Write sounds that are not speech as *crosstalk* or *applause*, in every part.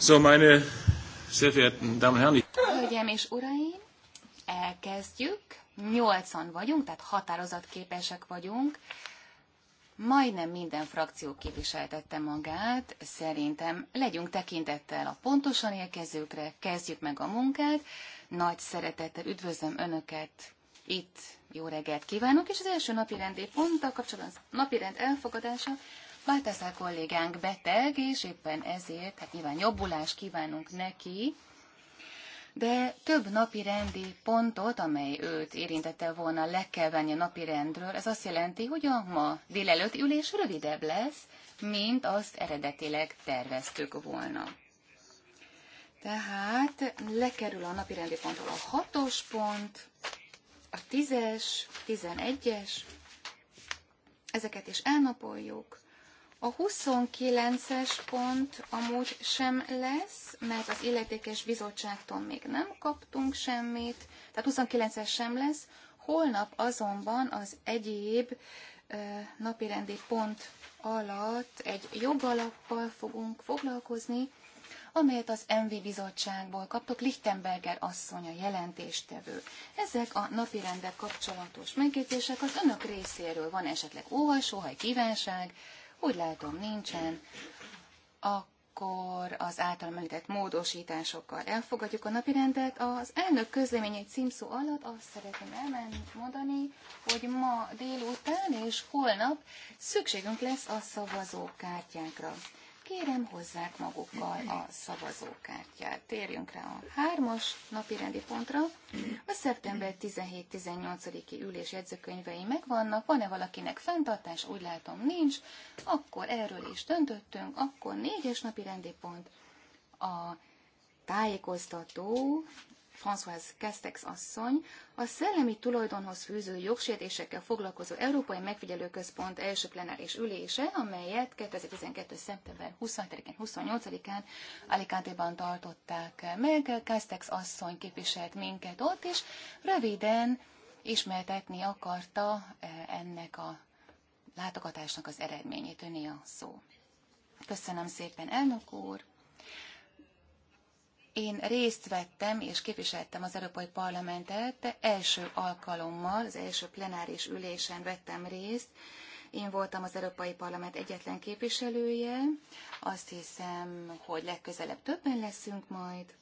So, meine sehr verehrten Damen und Herren. Hölgyeim és uraim, elkezdjük. Nyolcan vagyunk, tehát határozatképesek vagyunk. Majdnem minden frakció képviseltette magát, szerintem legyünk tekintettel a pontosan érkezőkre, kezdjük meg a munkát. Nagy szeretettel üdvözlöm Önöket itt, jó reggelt kívánok, és az első napi rendi pont a kapcsolatban napi rend elfogadása, Baltaszár kollégánk beteg, és éppen ezért, hát nyilván jobbulást kívánunk neki, de több napi rendi pontot, amely őt érintette volna, le kell venni a napi rendről. Ez azt jelenti, hogy a ma délelőtti ülés rövidebb lesz, mint azt eredetileg terveztük volna. Tehát lekerül a napi rendi pontról a hatos pont, a tízes, tizenegyes, ezeket is elnapoljuk. A 29-es pont amúgy sem lesz, mert az illetékes bizottságtól még nem kaptunk semmit, tehát 29-es sem lesz. Holnap azonban az egyéb napirendi pont alatt egy jogalappal fogunk foglalkozni, amelyet az MV bizottságból kaptok, Lichtenberger asszony a jelentéstevő. Ezek a napirendek kapcsolatos megjegyzések az önök részéről van esetleg olvasóhaj, kívánság, úgy látom, nincsen. Akkor az által említett módosításokkal elfogadjuk a napirendet. Az elnök közleményei címszó alatt azt szeretném elmondani, hogy ma délután és holnap szükségünk lesz a szavazókártyákra kérem hozzák magukkal a szavazókártyát. Térjünk rá a hármas napi rendi pontra. A szeptember 17-18-i ülés jegyzőkönyvei megvannak. Van-e valakinek fenntartás? Úgy látom nincs. Akkor erről is döntöttünk. Akkor négyes napi rendi pont. A tájékoztató François Castex asszony, a szellemi tulajdonhoz fűződő jogsértésekkel foglalkozó Európai Megfigyelőközpont első plenáris ülése, amelyet 2012. szeptember 27-én, 28-án Alicante-ban tartották meg. Castex asszony képviselt minket ott, és röviden ismertetni akarta e, ennek a látogatásnak az eredményét. Önni a szó. Köszönöm szépen, elnök úr! Én részt vettem és képviseltem az Európai Parlamentet, első alkalommal, az első plenáris ülésen vettem részt. Én voltam az Európai Parlament egyetlen képviselője. Azt hiszem, hogy legközelebb többen leszünk majd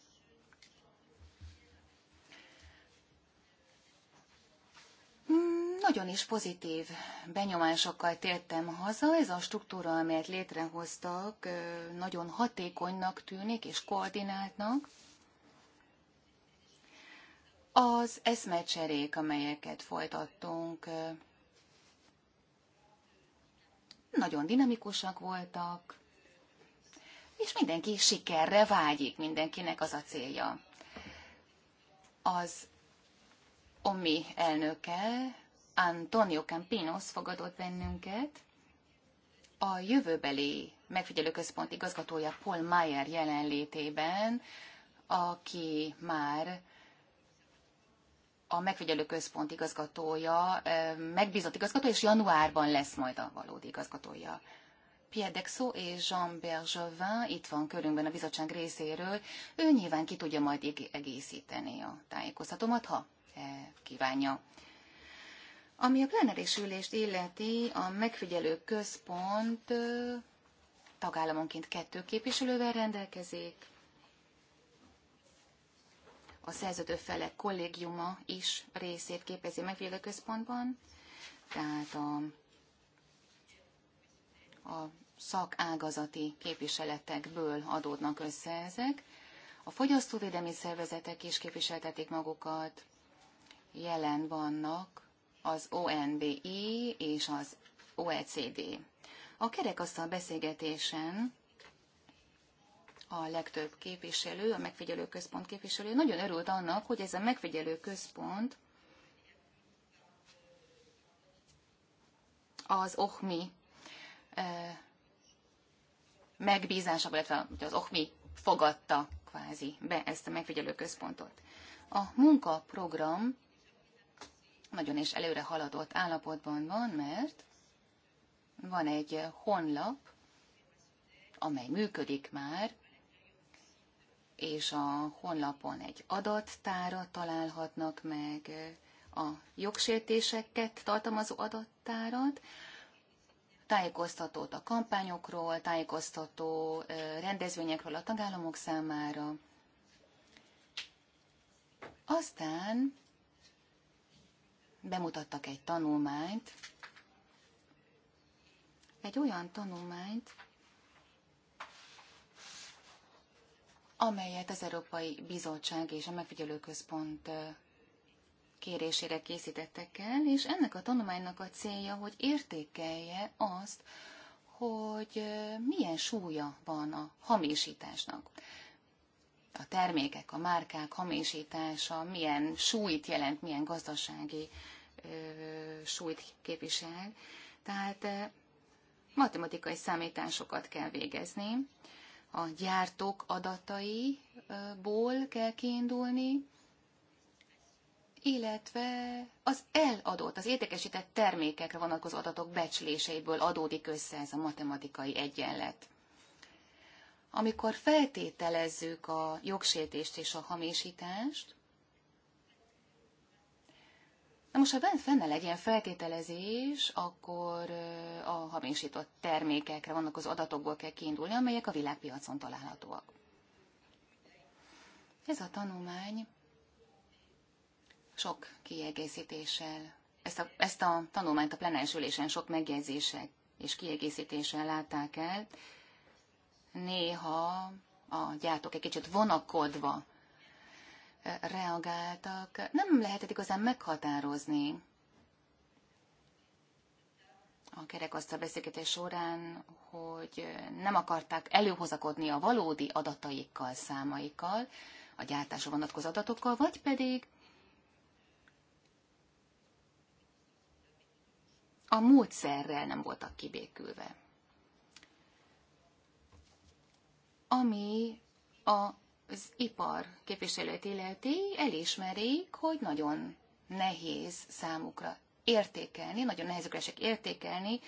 nagyon is pozitív benyomásokkal tértem haza. Ez a struktúra, amelyet létrehoztak, nagyon hatékonynak tűnik és koordináltnak. Az eszmecserék, amelyeket folytattunk, nagyon dinamikusak voltak, és mindenki sikerre vágyik, mindenkinek az a célja. Az Omi elnökkel Antonio Campinos fogadott bennünket, a jövőbeli megfigyelőközpont igazgatója Paul Mayer jelenlétében, aki már a megfigyelőközpont igazgatója, megbízott igazgatója, és januárban lesz majd a valódi igazgatója. Pierre Dexo és Jean Bergevin itt van körünkben a bizottság részéről. Ő nyilván ki tudja majd egészíteni a tájékoztatomat, ha eh, kívánja. Ami a plenáris ülést illeti, a megfigyelő központ tagállamonként kettő képviselővel rendelkezik, a szerződő felek kollégiuma is részét képezi megfigyelő központban, tehát a, a szakágazati képviseletekből adódnak össze ezek. A fogyasztóvédelmi szervezetek is képviseltetik magukat, jelen vannak az ONBI és az OECD. A kerekasztal beszélgetésen a legtöbb képviselő, a megfigyelő központ képviselő nagyon örült annak, hogy ez a megfigyelő központ az OHMI megbízása, illetve az OHMI fogadta kvázi be ezt a megfigyelő központot. A munkaprogram nagyon is előre haladott állapotban van, mert van egy honlap, amely működik már, és a honlapon egy adattára találhatnak meg a jogsértéseket tartalmazó adattárat, tájékoztatót a kampányokról, tájékoztató rendezvényekről a tagállamok számára. Aztán bemutattak egy tanulmányt, egy olyan tanulmányt, amelyet az Európai Bizottság és a Megfigyelőközpont kérésére készítettek el, és ennek a tanulmánynak a célja, hogy értékelje azt, hogy milyen súlya van a hamisításnak. A termékek, a márkák hamisítása milyen súlyt jelent, milyen gazdasági súlyt képvisel. Tehát matematikai számításokat kell végezni, a gyártók adataiból kell kiindulni, illetve az eladott, az értékesített termékekre vonatkozó adatok becsléseiből adódik össze ez a matematikai egyenlet. Amikor feltételezzük a jogsértést és a hamisítást, Na most, ha bent fenne ilyen feltételezés, akkor a hamisított termékekre vannak az adatokból kell kiindulni, amelyek a világpiacon találhatóak. Ez a tanulmány sok kiegészítéssel, ezt a, ezt a tanulmányt a plenáris ülésen sok megjegyzések és kiegészítéssel látták el. Néha a gyártók egy kicsit vonakodva reagáltak, nem lehetett igazán meghatározni a kerekasztal beszélgetés során, hogy nem akarták előhozakodni a valódi adataikkal, számaikkal, a gyártásra vonatkozó adatokkal, vagy pedig a módszerrel nem voltak kibékülve. Ami a az ipar képviselőt illeti, elismerik, hogy nagyon nehéz számukra értékelni, nagyon nehéz esik értékelni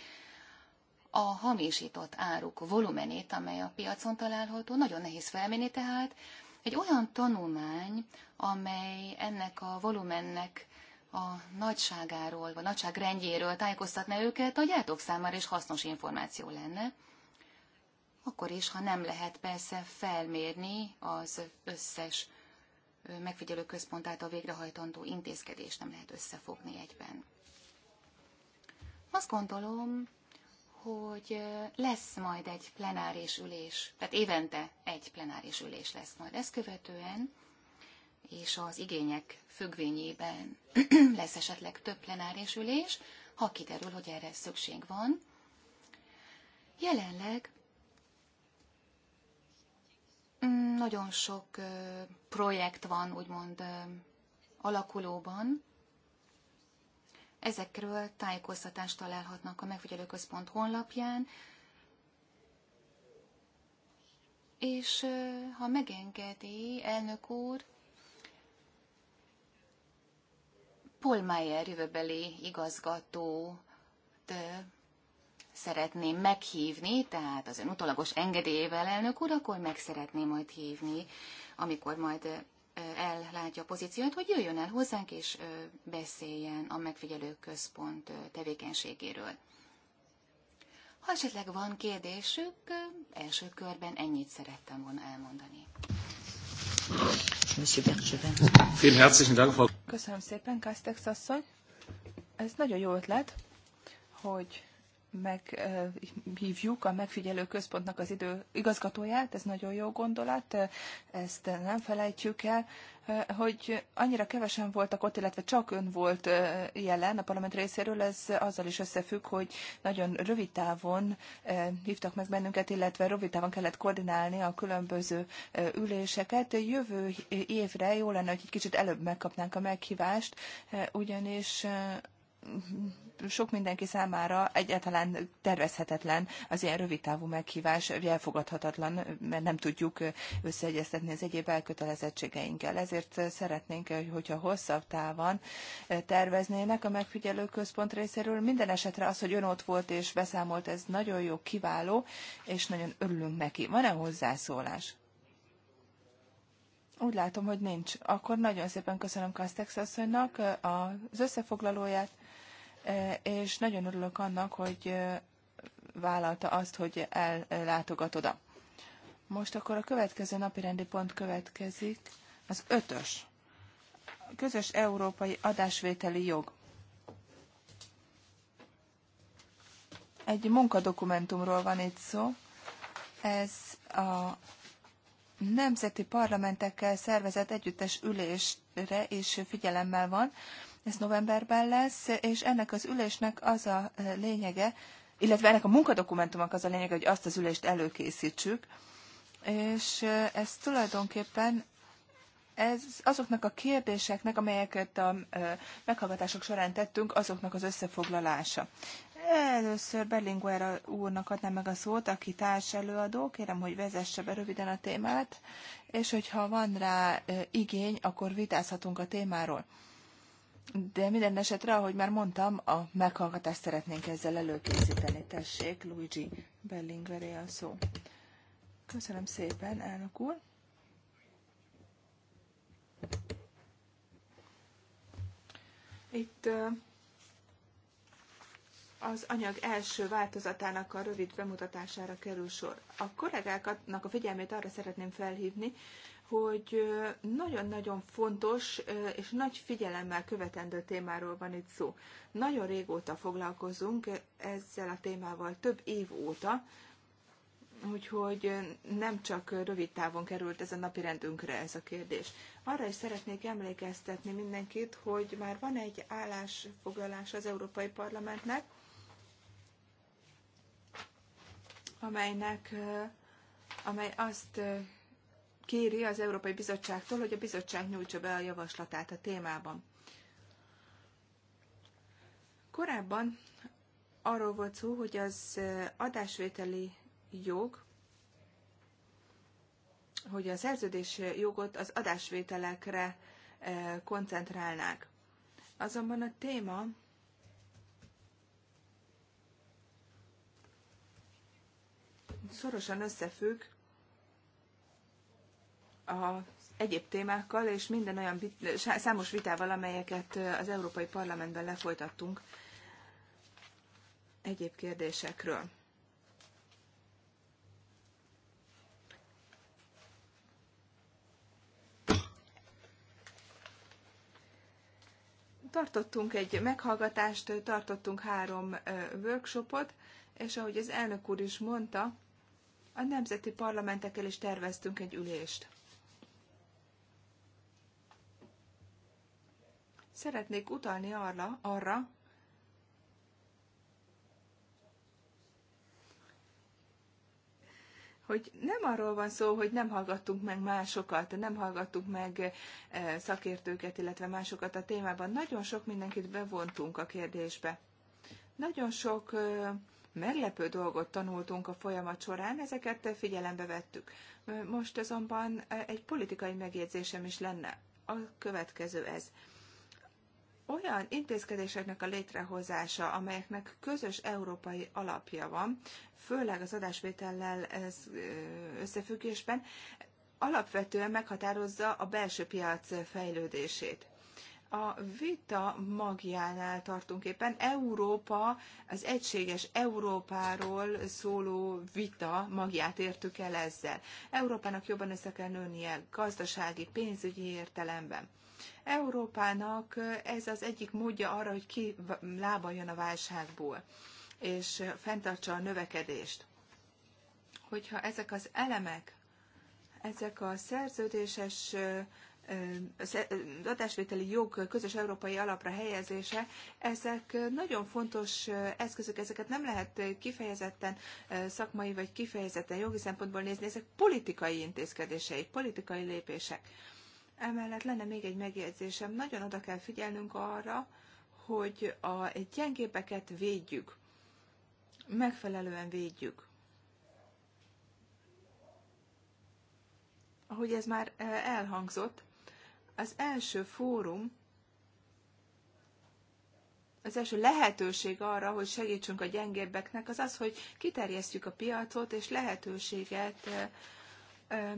a hamisított áruk volumenét, amely a piacon található. Nagyon nehéz felmérni tehát. Egy olyan tanulmány, amely ennek a volumennek a nagyságáról, vagy nagyságrendjéről tájékoztatna őket, a gyártók számára is hasznos információ lenne akkor is, ha nem lehet persze felmérni az összes megfigyelő központ által végrehajtandó intézkedést nem lehet összefogni egyben. Azt gondolom, hogy lesz majd egy plenáris ülés, tehát évente egy plenáris ülés lesz majd. Ezt követően, és az igények függvényében *clears throat* lesz esetleg több plenáris ülés, ha kiderül, hogy erre szükség van. Jelenleg Mm, nagyon sok projekt van, úgymond alakulóban. Ezekről tájékoztatást találhatnak a megfigyelőközpont honlapján, és ha megengedi, elnök úr, Paul Meyer jövőbeli igazgató szeretném meghívni, tehát az ön utolagos engedélyével, elnök úr, akkor meg szeretném majd hívni, amikor majd ellátja a pozíciót, hogy jöjjön el hozzánk és beszéljen a megfigyelő központ tevékenységéről. Ha esetleg van kérdésük, első körben ennyit szerettem volna elmondani. Köszönöm szépen, Kastex asszony. Ez nagyon jó ötlet, hogy meghívjuk a megfigyelő központnak az idő igazgatóját, ez nagyon jó gondolat, ezt nem felejtjük el, hogy annyira kevesen voltak ott, illetve csak ön volt jelen a parlament részéről, ez azzal is összefügg, hogy nagyon rövid távon hívtak meg bennünket, illetve rövid távon kellett koordinálni a különböző üléseket. Jövő évre jó lenne, hogy egy kicsit előbb megkapnánk a meghívást, ugyanis sok mindenki számára egyáltalán tervezhetetlen az ilyen rövidtávú meghívás, elfogadhatatlan, mert nem tudjuk összeegyeztetni az egyéb elkötelezettségeinkkel. Ezért szeretnénk, hogyha hosszabb távon terveznének a megfigyelő központ részéről. Minden esetre az, hogy ön ott volt és beszámolt, ez nagyon jó, kiváló, és nagyon örülünk neki. Van-e hozzászólás? Úgy látom, hogy nincs. Akkor nagyon szépen köszönöm Kastex asszonynak az összefoglalóját. E, és nagyon örülök annak, hogy e, vállalta azt, hogy ellátogat oda. Most akkor a következő napirendi pont következik, az ötös. A közös európai adásvételi jog. Egy munkadokumentumról van itt szó. Ez a nemzeti parlamentekkel szervezett együttes ülésre is figyelemmel van ez novemberben lesz, és ennek az ülésnek az a lényege, illetve ennek a munkadokumentumnak az a lényege, hogy azt az ülést előkészítsük, és ez tulajdonképpen ez azoknak a kérdéseknek, amelyeket a meghallgatások során tettünk, azoknak az összefoglalása. Először Berlinguer úrnak adnám meg a szót, aki társ előadó. Kérem, hogy vezesse be röviden a témát, és hogyha van rá igény, akkor vitázhatunk a témáról. De minden esetre, ahogy már mondtam, a meghallgatást szeretnénk ezzel előkészíteni. Tessék, Luigi Bellingveré a szó. Köszönöm szépen, elnök úr. Itt az anyag első változatának a rövid bemutatására kerül sor. A kollégáknak a figyelmét arra szeretném felhívni, hogy nagyon-nagyon fontos és nagy figyelemmel követendő témáról van itt szó. Nagyon régóta foglalkozunk ezzel a témával, több év óta, úgyhogy nem csak rövid távon került ez a napi rendünkre ez a kérdés. Arra is szeretnék emlékeztetni mindenkit, hogy már van egy állásfoglalás az Európai Parlamentnek, amelynek, amely azt kéri az Európai Bizottságtól, hogy a bizottság nyújtsa be a javaslatát a témában. Korábban arról volt szó, hogy az eh, adásvételi jog, hogy a szerződés jogot az adásvételekre eh, koncentrálnák. Azonban a téma szorosan összefügg a egyéb témákkal és minden olyan számos vitával, amelyeket az Európai Parlamentben lefolytattunk egyéb kérdésekről. Tartottunk egy meghallgatást, tartottunk három workshopot, és ahogy az elnök úr is mondta, a nemzeti parlamentekkel is terveztünk egy ülést. Szeretnék utalni arra, arra hogy nem arról van szó, hogy nem hallgattunk meg másokat, nem hallgattunk meg eh, szakértőket, illetve másokat a témában. Nagyon sok mindenkit bevontunk a kérdésbe. Nagyon sok eh, meglepő dolgot tanultunk a folyamat során, ezeket figyelembe vettük. Most azonban eh, egy politikai megjegyzésem is lenne. A következő ez olyan intézkedéseknek a létrehozása, amelyeknek közös európai alapja van, főleg az adásvétellel összefüggésben, alapvetően meghatározza a belső piac fejlődését. A vita magjánál tartunk éppen. Európa, az egységes Európáról szóló vita magját értük el ezzel. Európának jobban össze kell nőnie gazdasági, pénzügyi értelemben Európának ez az egyik módja arra, hogy ki lábaljon a válságból, és fenntartsa a növekedést. Hogyha ezek az elemek, ezek a szerződéses adásvételi jog közös európai alapra helyezése, ezek nagyon fontos eszközök, ezeket nem lehet kifejezetten szakmai vagy kifejezetten jogi szempontból nézni, ezek politikai intézkedéseik, politikai lépések. Emellett lenne még egy megjegyzésem. Nagyon oda kell figyelnünk arra, hogy a gyengébeket védjük, megfelelően védjük. Ahogy ez már eh, elhangzott, az első fórum, az első lehetőség arra, hogy segítsünk a gyengébbeknek, az az, hogy kiterjesztjük a piacot, és lehetőséget eh, eh,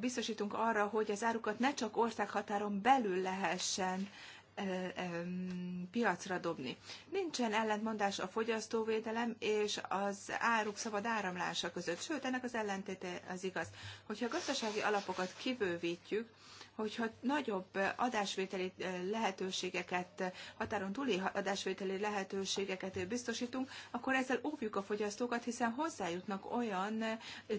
biztosítunk arra, hogy az árukat ne csak országhatáron belül lehessen piacra dobni. Nincsen ellentmondás a fogyasztóvédelem és az áruk szabad áramlása között, sőt, ennek az ellentéte az igaz. Hogyha a gazdasági alapokat kibővítjük, hogyha nagyobb adásvételi lehetőségeket, határon túli adásvételi lehetőségeket biztosítunk, akkor ezzel óvjuk a fogyasztókat, hiszen hozzájutnak olyan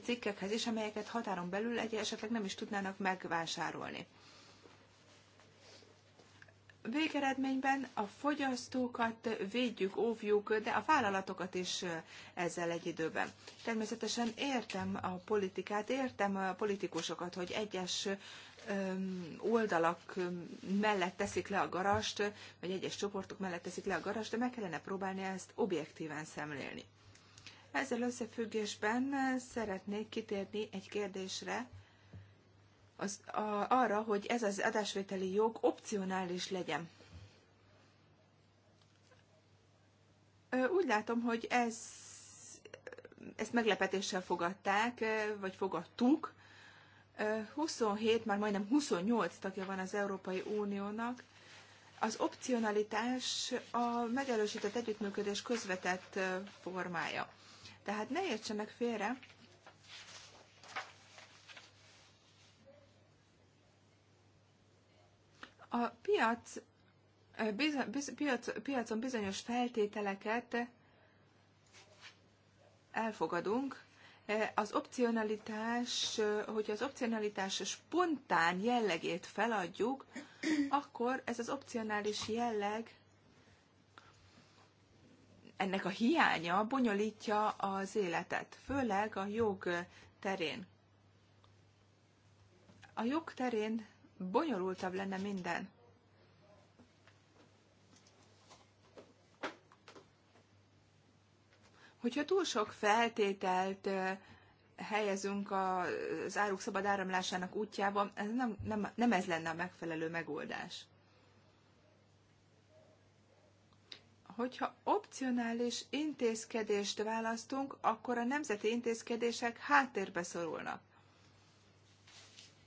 cikkekhez is, amelyeket határon belül egy esetleg nem is tudnának megvásárolni végeredményben a fogyasztókat védjük, óvjuk, de a vállalatokat is ezzel egy időben. Természetesen értem a politikát, értem a politikusokat, hogy egyes oldalak mellett teszik le a garast, vagy egyes csoportok mellett teszik le a garast, de meg kellene próbálni ezt objektíven szemlélni. Ezzel összefüggésben szeretnék kitérni egy kérdésre, az, a, arra, hogy ez az adásvételi jog opcionális legyen. Úgy látom, hogy ez, ezt meglepetéssel fogadták, vagy fogadtuk. 27, már majdnem 28 tagja van az Európai Uniónak. Az opcionalitás a megerősített együttműködés közvetett formája. Tehát ne értse meg félre, A piac, biz, piac, piacon bizonyos feltételeket elfogadunk, az opcionalitás, hogyha az opcionalitás spontán jellegét feladjuk, akkor ez az opcionális jelleg ennek a hiánya bonyolítja az életet, főleg a jog terén. A jog terén bonyolultabb lenne minden. Hogyha túl sok feltételt helyezünk az áruk szabad áramlásának útjába, ez nem, nem, nem ez lenne a megfelelő megoldás. hogyha opcionális intézkedést választunk, akkor a nemzeti intézkedések háttérbe szorulnak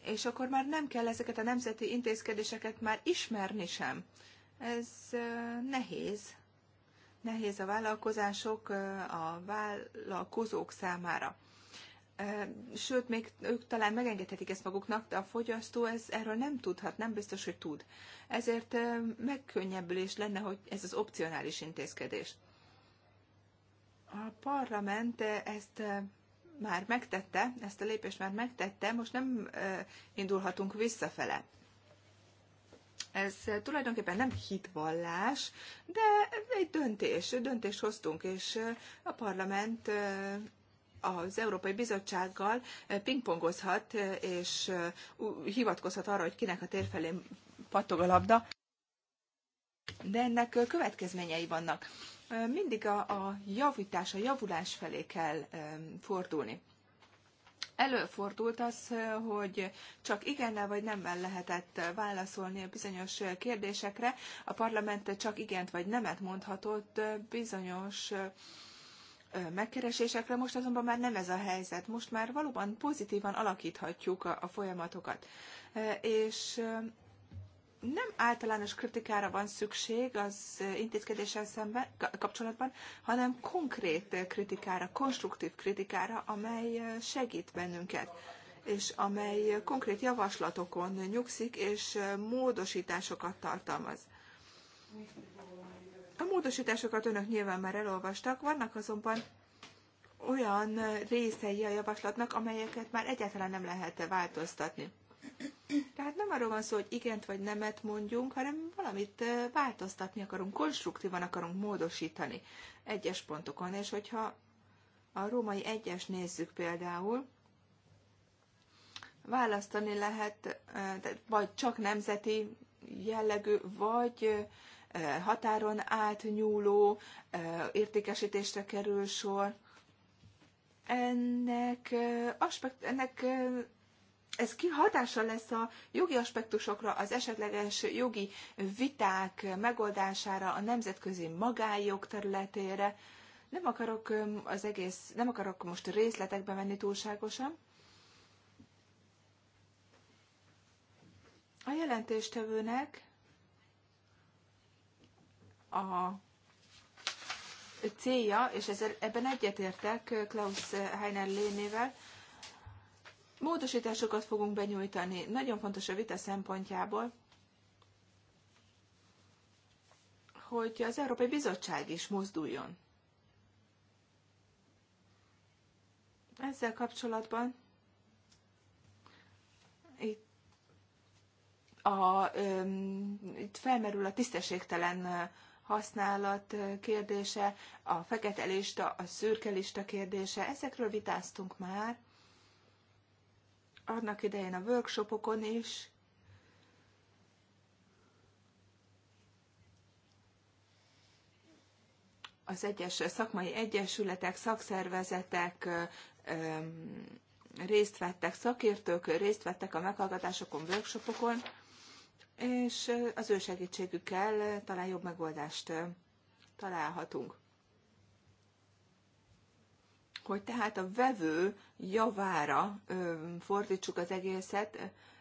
és akkor már nem kell ezeket a nemzeti intézkedéseket már ismerni sem. Ez nehéz. Nehéz a vállalkozások, a vállalkozók számára. Sőt, még ők talán megengedhetik ezt maguknak, de a fogyasztó ez, erről nem tudhat, nem biztos, hogy tud. Ezért megkönnyebbülés lenne, hogy ez az opcionális intézkedés. A parlament ezt már megtette, ezt a lépést már megtette, most nem indulhatunk visszafele. Ez tulajdonképpen nem hitvallás, de egy döntés, döntést hoztunk, és a parlament az Európai Bizottsággal pingpongozhat, és hivatkozhat arra, hogy kinek a térfelén pattog a labda, de ennek következményei vannak mindig a, a javítás, a javulás felé kell fordulni. Előfordult az, hogy csak igennel vagy nemmel lehetett válaszolni a bizonyos kérdésekre. A parlament csak igent vagy nemet mondhatott bizonyos megkeresésekre. Most azonban már nem ez a helyzet. Most már valóban pozitívan alakíthatjuk a, a folyamatokat. És nem általános kritikára van szükség az intézkedéssel szemben, kapcsolatban, hanem konkrét kritikára, konstruktív kritikára, amely segít bennünket és amely konkrét javaslatokon nyugszik, és módosításokat tartalmaz. A módosításokat önök nyilván már elolvastak, vannak azonban olyan részei a javaslatnak, amelyeket már egyáltalán nem lehet változtatni. Tehát nem arról van szó, hogy igent vagy nemet mondjunk, hanem valamit változtatni akarunk, konstruktívan akarunk módosítani egyes pontokon. És hogyha a római egyes nézzük például, választani lehet, vagy csak nemzeti jellegű, vagy határon átnyúló értékesítésre kerül sor. Ennek, aspekt, ennek ez kihatással lesz a jogi aspektusokra, az esetleges jogi viták megoldására, a nemzetközi magájog területére. Nem akarok az egész, nem akarok most részletekbe menni túlságosan. A jelentéstevőnek a célja, és ezzel, ebben egyetértek Klaus Heiner Lénével, Módosításokat fogunk benyújtani. Nagyon fontos a vita szempontjából, hogy az Európai Bizottság is mozduljon. Ezzel kapcsolatban itt, a, um, itt felmerül a tisztességtelen használat kérdése, a fekete lista, a szürke lista kérdése. Ezekről vitáztunk már annak idején a workshopokon is, az egyes szakmai egyesületek, szakszervezetek részt vettek, szakértők részt vettek a meghallgatásokon, workshopokon, és az ő segítségükkel talán jobb megoldást találhatunk hogy tehát a vevő javára fordítsuk az egészet,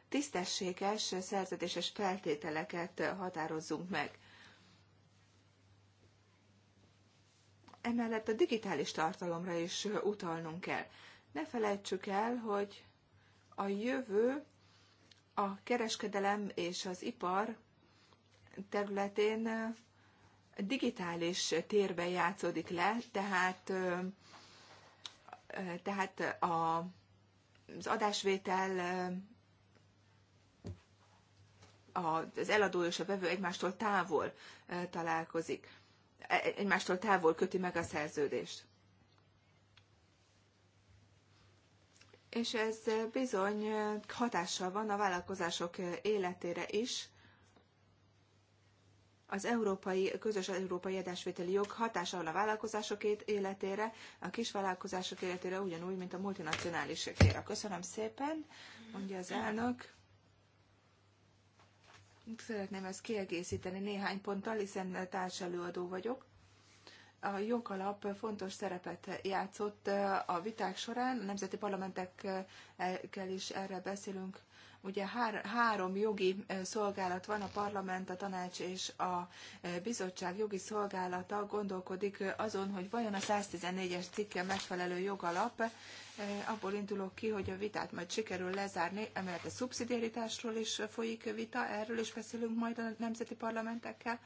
tisztességes szerződéses feltételeket határozzunk meg. Emellett a digitális tartalomra is utalnunk kell. Ne felejtsük el, hogy a jövő a kereskedelem és az ipar területén digitális térben játszódik le, tehát tehát a, az adásvétel az eladó és a vevő egymástól távol találkozik, e, egymástól távol köti meg a szerződést. És ez bizony hatással van a vállalkozások életére is, az európai, közös európai adásvételi jog hatása van a vállalkozások életére, a kisvállalkozások életére ugyanúgy, mint a multinacionálisekére. Köszönöm szépen, mondja az elnök. Szeretném ezt kiegészíteni néhány ponttal, hiszen társelőadó vagyok. A jogalap fontos szerepet játszott a viták során, a nemzeti parlamentekkel is erre beszélünk Ugye hár, három jogi e, szolgálat van, a parlament, a tanács és a e, bizottság jogi szolgálata gondolkodik e, azon, hogy vajon a 114-es cikke megfelelő jogalap, abból indulok ki, hogy a vitát majd sikerül lezárni, emellett a szubszidiaritásról is folyik vita, erről is beszélünk majd a nemzeti parlamentekkel.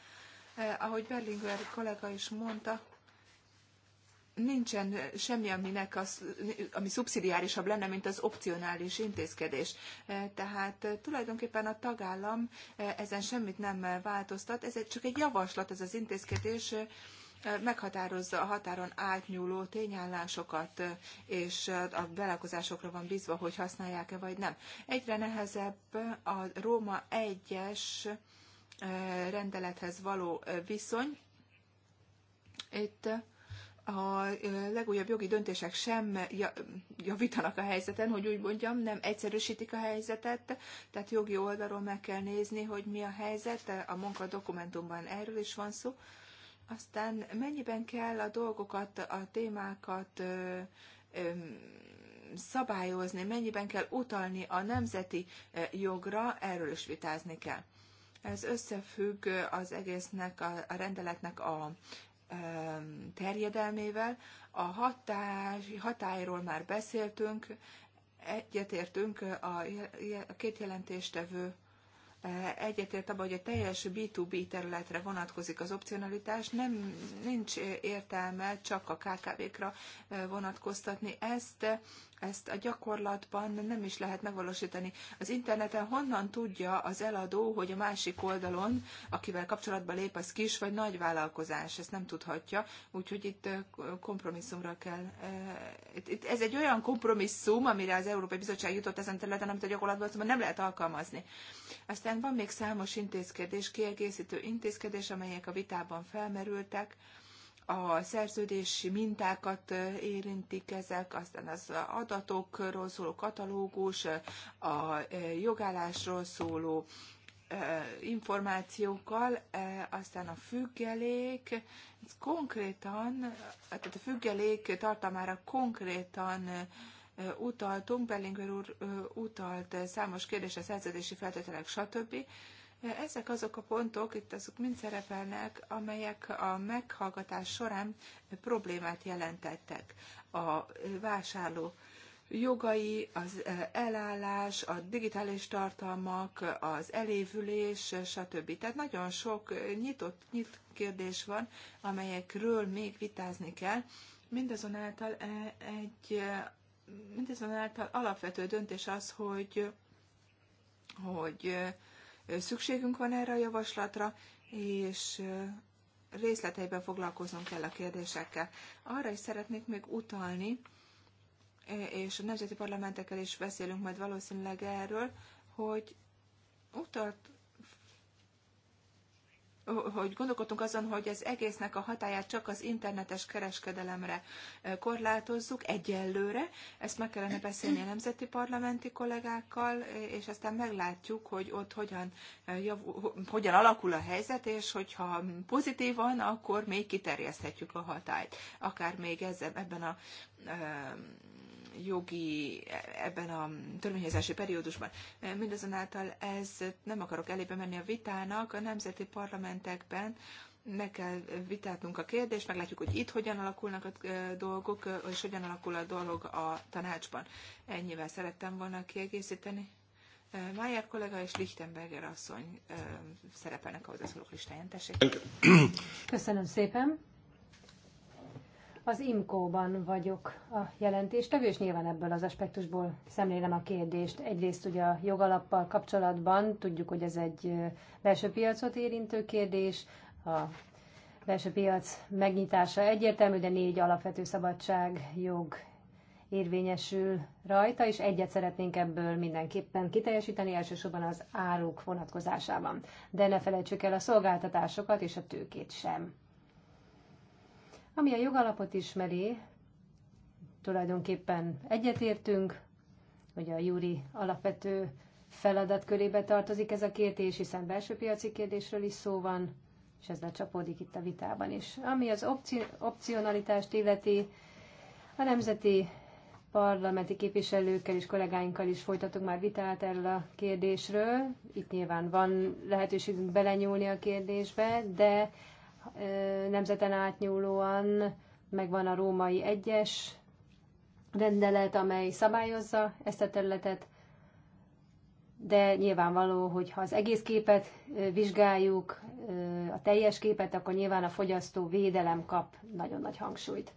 Ahogy Berlinger kollega is mondta, nincsen semmi, aminek az, ami szubszidiárisabb lenne, mint az opcionális intézkedés. E, tehát e, tulajdonképpen a tagállam e, ezen semmit nem változtat, ez egy, csak egy javaslat ez az intézkedés, meghatározza a határon átnyúló tényállásokat, és a vállalkozásokra van bízva, hogy használják-e vagy nem. Egyre nehezebb a Róma 1-es rendelethez való viszony. Itt a legújabb jogi döntések sem javítanak a helyzeten, hogy úgy mondjam, nem egyszerűsítik a helyzetet, tehát jogi oldalról meg kell nézni, hogy mi a helyzet, a munka dokumentumban erről is van szó. Aztán mennyiben kell a dolgokat, a témákat szabályozni, mennyiben kell utalni a nemzeti jogra, erről is vitázni kell. Ez összefügg az egésznek, a rendeletnek a Um, terjedelmével. A hatás, hatályról már beszéltünk, egyetértünk a, a két jelentéstevő e, egyetért abban, hogy a teljes B2B területre vonatkozik az opcionalitás, nem nincs értelme csak a KKV-kra e, vonatkoztatni ezt, ezt a gyakorlatban nem is lehet megvalósítani. Az interneten honnan tudja az eladó, hogy a másik oldalon, akivel kapcsolatba lép, az kis vagy nagy vállalkozás, ezt nem tudhatja, úgyhogy itt kompromisszumra kell. Ez egy olyan kompromisszum, amire az Európai Bizottság jutott ezen területen, amit a gyakorlatban szóval nem lehet alkalmazni. Aztán van még számos intézkedés, kiegészítő intézkedés, amelyek a vitában felmerültek a szerződési mintákat érintik ezek, aztán az adatokról szóló katalógus, a jogállásról szóló információkkal, aztán a függelék, ez konkrétan, tehát a függelék tartalmára konkrétan utaltunk, Bellinger úr utalt számos kérdésre, szerződési feltételek, stb. Ezek azok a pontok, itt azok mind szerepelnek, amelyek a meghallgatás során problémát jelentettek. A vásárló jogai, az elállás, a digitális tartalmak, az elévülés, stb. Tehát nagyon sok nyitott nyit kérdés van, amelyekről még vitázni kell. Mindazonáltal e, egy mindazonáltal alapvető döntés az, hogy hogy Szükségünk van erre a javaslatra, és részleteiben foglalkoznunk kell a kérdésekkel. Arra is szeretnék még utalni, és a nemzeti parlamentekkel is beszélünk majd valószínűleg erről, hogy utalt hogy gondolkodtunk azon, hogy az egésznek a hatáját csak az internetes kereskedelemre korlátozzuk egyelőre. Ezt meg kellene beszélni a nemzeti parlamenti kollégákkal, és aztán meglátjuk, hogy ott hogyan, javul, hogyan alakul a helyzet, és hogyha pozitívan, akkor még kiterjeszthetjük a hatályt. Akár még ezzel, ebben a jogi, ebben a törvényhozási periódusban. Mindazonáltal ez nem akarok elébe menni a vitának, a nemzeti parlamentekben meg kell vitátnunk a kérdést, meglátjuk, hogy itt hogyan alakulnak a dolgok, és hogyan alakul a dolog a tanácsban. Ennyivel szerettem volna kiegészíteni. Májer kollega és Lichtenberger asszony szerepelnek a hozzászólók listáján. Tessék. Köszönöm szépen. Az IMCO-ban vagyok a jelentéstevő, és nyilván ebből az aspektusból szemlélem a kérdést. Egyrészt ugye a jogalappal kapcsolatban tudjuk, hogy ez egy belső piacot érintő kérdés, a belső piac megnyitása egyértelmű, de négy alapvető szabadság, jog érvényesül rajta, és egyet szeretnénk ebből mindenképpen kiteljesíteni, elsősorban az áruk vonatkozásában. De ne felejtsük el a szolgáltatásokat és a tőkét sem. Ami a jogalapot ismeri, tulajdonképpen egyetértünk, hogy a Júri alapvető feladatkörébe tartozik ez a kérdés, hiszen belső piaci kérdésről is szó van, és ez lecsapódik itt a vitában is. Ami az opci- opcionalitást illeti, a nemzeti parlamenti képviselőkkel és kollégáinkkal is folytatunk már vitát erről a kérdésről. Itt nyilván van lehetőségünk belenyúlni a kérdésbe, de nemzeten átnyúlóan, megvan a római egyes rendelet, amely szabályozza ezt a területet, de nyilvánvaló, hogy ha az egész képet vizsgáljuk, a teljes képet, akkor nyilván a fogyasztó védelem kap nagyon nagy hangsúlyt.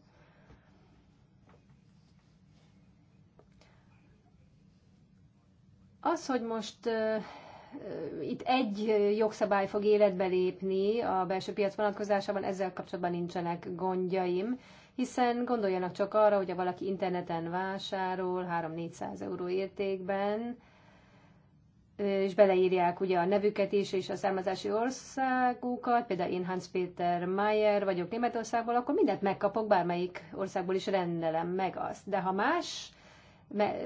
Az, hogy most itt egy jogszabály fog életbe lépni a belső piac vonatkozásában, ezzel kapcsolatban nincsenek gondjaim, hiszen gondoljanak csak arra, hogyha valaki interneten vásárol 3-400 euró értékben, és beleírják ugye a nevüket is, és a származási országukat, például én Hans Peter Mayer vagyok Németországból, akkor mindent megkapok, bármelyik országból is rendelem meg azt. De ha más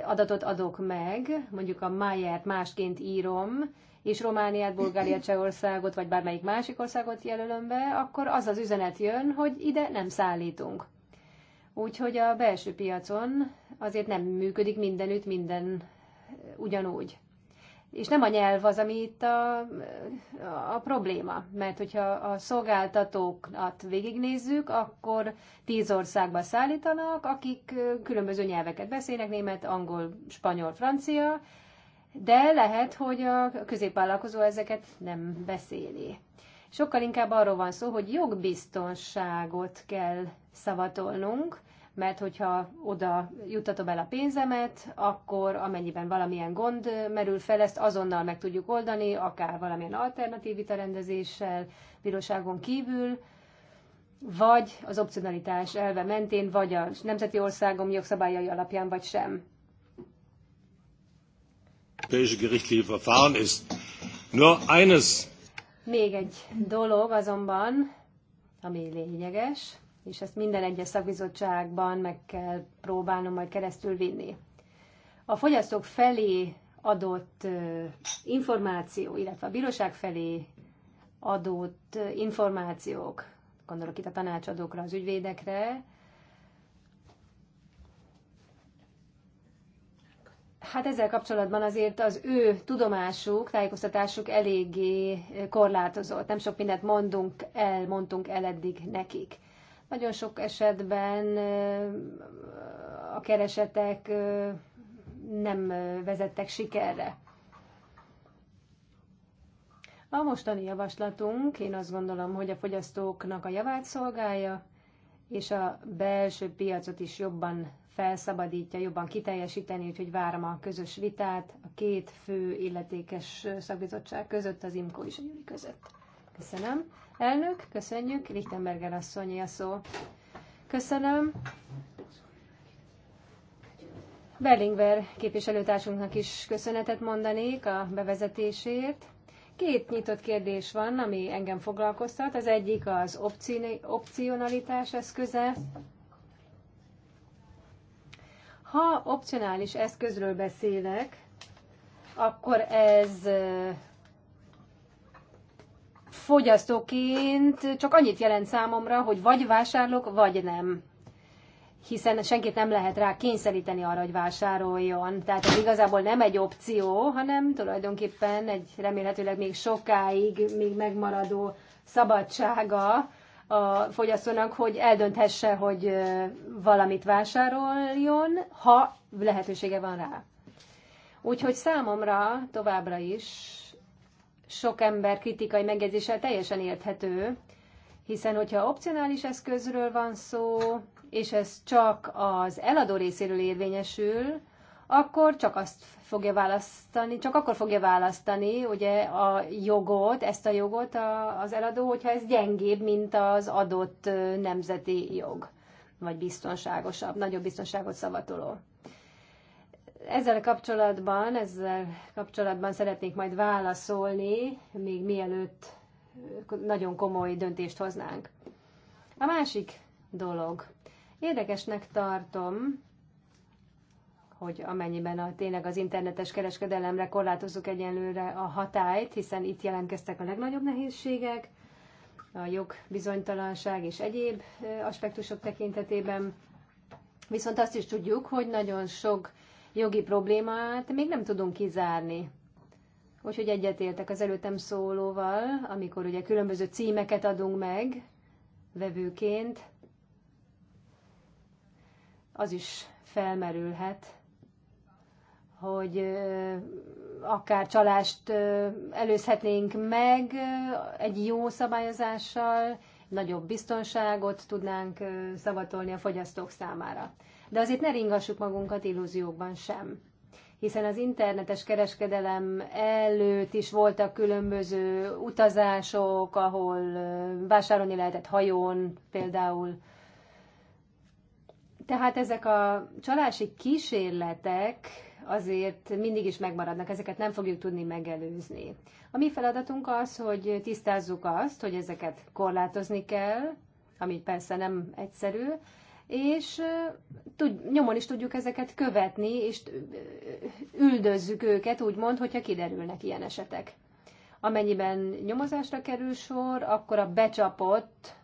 adatot adok meg, mondjuk a máját másként írom, és Romániát, Bulgáriát, *clears throat* Csehországot, vagy bármelyik másik országot jelölöm be, akkor az az üzenet jön, hogy ide nem szállítunk. Úgyhogy a belső piacon azért nem működik mindenütt minden ugyanúgy és nem a nyelv az, ami itt a, a probléma. Mert hogyha a szolgáltatókat végignézzük, akkor tíz országba szállítanak, akik különböző nyelveket beszélnek, német, angol, spanyol, francia, de lehet, hogy a középvállalkozó ezeket nem beszéli. Sokkal inkább arról van szó, hogy jogbiztonságot kell szavatolnunk, mert hogyha oda juttatom el a pénzemet, akkor amennyiben valamilyen gond merül fel, ezt azonnal meg tudjuk oldani, akár valamilyen alternatív vitarendezéssel, bíróságon kívül, vagy az opcionalitás elve mentén, vagy a nemzeti országom jogszabályai alapján, vagy sem. Még egy dolog azonban, ami lényeges, és ezt minden egyes szakbizottságban meg kell próbálnom majd keresztül vinni. A fogyasztók felé adott információ, illetve a bíróság felé adott információk, gondolok itt a tanácsadókra, az ügyvédekre, Hát ezzel kapcsolatban azért az ő tudomásuk, tájékoztatásuk eléggé korlátozott. Nem sok mindent mondunk el, mondtunk el eddig nekik. Nagyon sok esetben a keresetek nem vezettek sikerre. A mostani javaslatunk, én azt gondolom, hogy a fogyasztóknak a javát szolgálja, és a belső piacot is jobban felszabadítja, jobban kiteljesíteni, úgyhogy várom a közös vitát a két fő illetékes szakbizottság között, az IMCO és a Júli között. Köszönöm. Elnök, köszönjük. Lichtenberger asszonyi a szó. Köszönöm. Bellingwer képviselőtársunknak is köszönetet mondanék a bevezetésért. Két nyitott kérdés van, ami engem foglalkoztat. Az egyik az opcionalitás eszköze. Ha opcionális eszközről beszélek, akkor ez fogyasztóként csak annyit jelent számomra, hogy vagy vásárlok, vagy nem. Hiszen senkit nem lehet rá kényszeríteni arra, hogy vásároljon. Tehát ez igazából nem egy opció, hanem tulajdonképpen egy remélhetőleg még sokáig még megmaradó szabadsága a fogyasztónak, hogy eldönthesse, hogy valamit vásároljon, ha lehetősége van rá. Úgyhogy számomra továbbra is sok ember kritikai megjegyzéssel teljesen érthető, hiszen hogyha opcionális eszközről van szó, és ez csak az eladó részéről érvényesül, akkor csak azt fogja választani, csak akkor fogja választani ugye a jogot, ezt a jogot a, az eladó, hogyha ez gyengébb, mint az adott nemzeti jog, vagy biztonságosabb, nagyobb biztonságot szavatoló. Ezzel kapcsolatban, ezzel kapcsolatban szeretnék majd válaszolni, még mielőtt nagyon komoly döntést hoznánk. A másik dolog. Érdekesnek tartom, hogy amennyiben a, tényleg az internetes kereskedelemre korlátozzuk egyenlőre a hatályt, hiszen itt jelentkeztek a legnagyobb nehézségek, a jogbizonytalanság és egyéb aspektusok tekintetében. Viszont azt is tudjuk, hogy nagyon sok jogi problémát még nem tudunk kizárni. Úgyhogy egyetértek az előttem szólóval, amikor ugye különböző címeket adunk meg vevőként, az is felmerülhet, hogy akár csalást előzhetnénk meg egy jó szabályozással, nagyobb biztonságot tudnánk szavatolni a fogyasztók számára de azért ne ringassuk magunkat illúziókban sem hiszen az internetes kereskedelem előtt is voltak különböző utazások, ahol vásárolni lehetett hajón például. Tehát ezek a csalási kísérletek azért mindig is megmaradnak, ezeket nem fogjuk tudni megelőzni. A mi feladatunk az, hogy tisztázzuk azt, hogy ezeket korlátozni kell, ami persze nem egyszerű, és tud, nyomon is tudjuk ezeket követni, és üldözzük őket, úgymond, hogyha kiderülnek ilyen esetek. Amennyiben nyomozásra kerül sor, akkor a becsapott,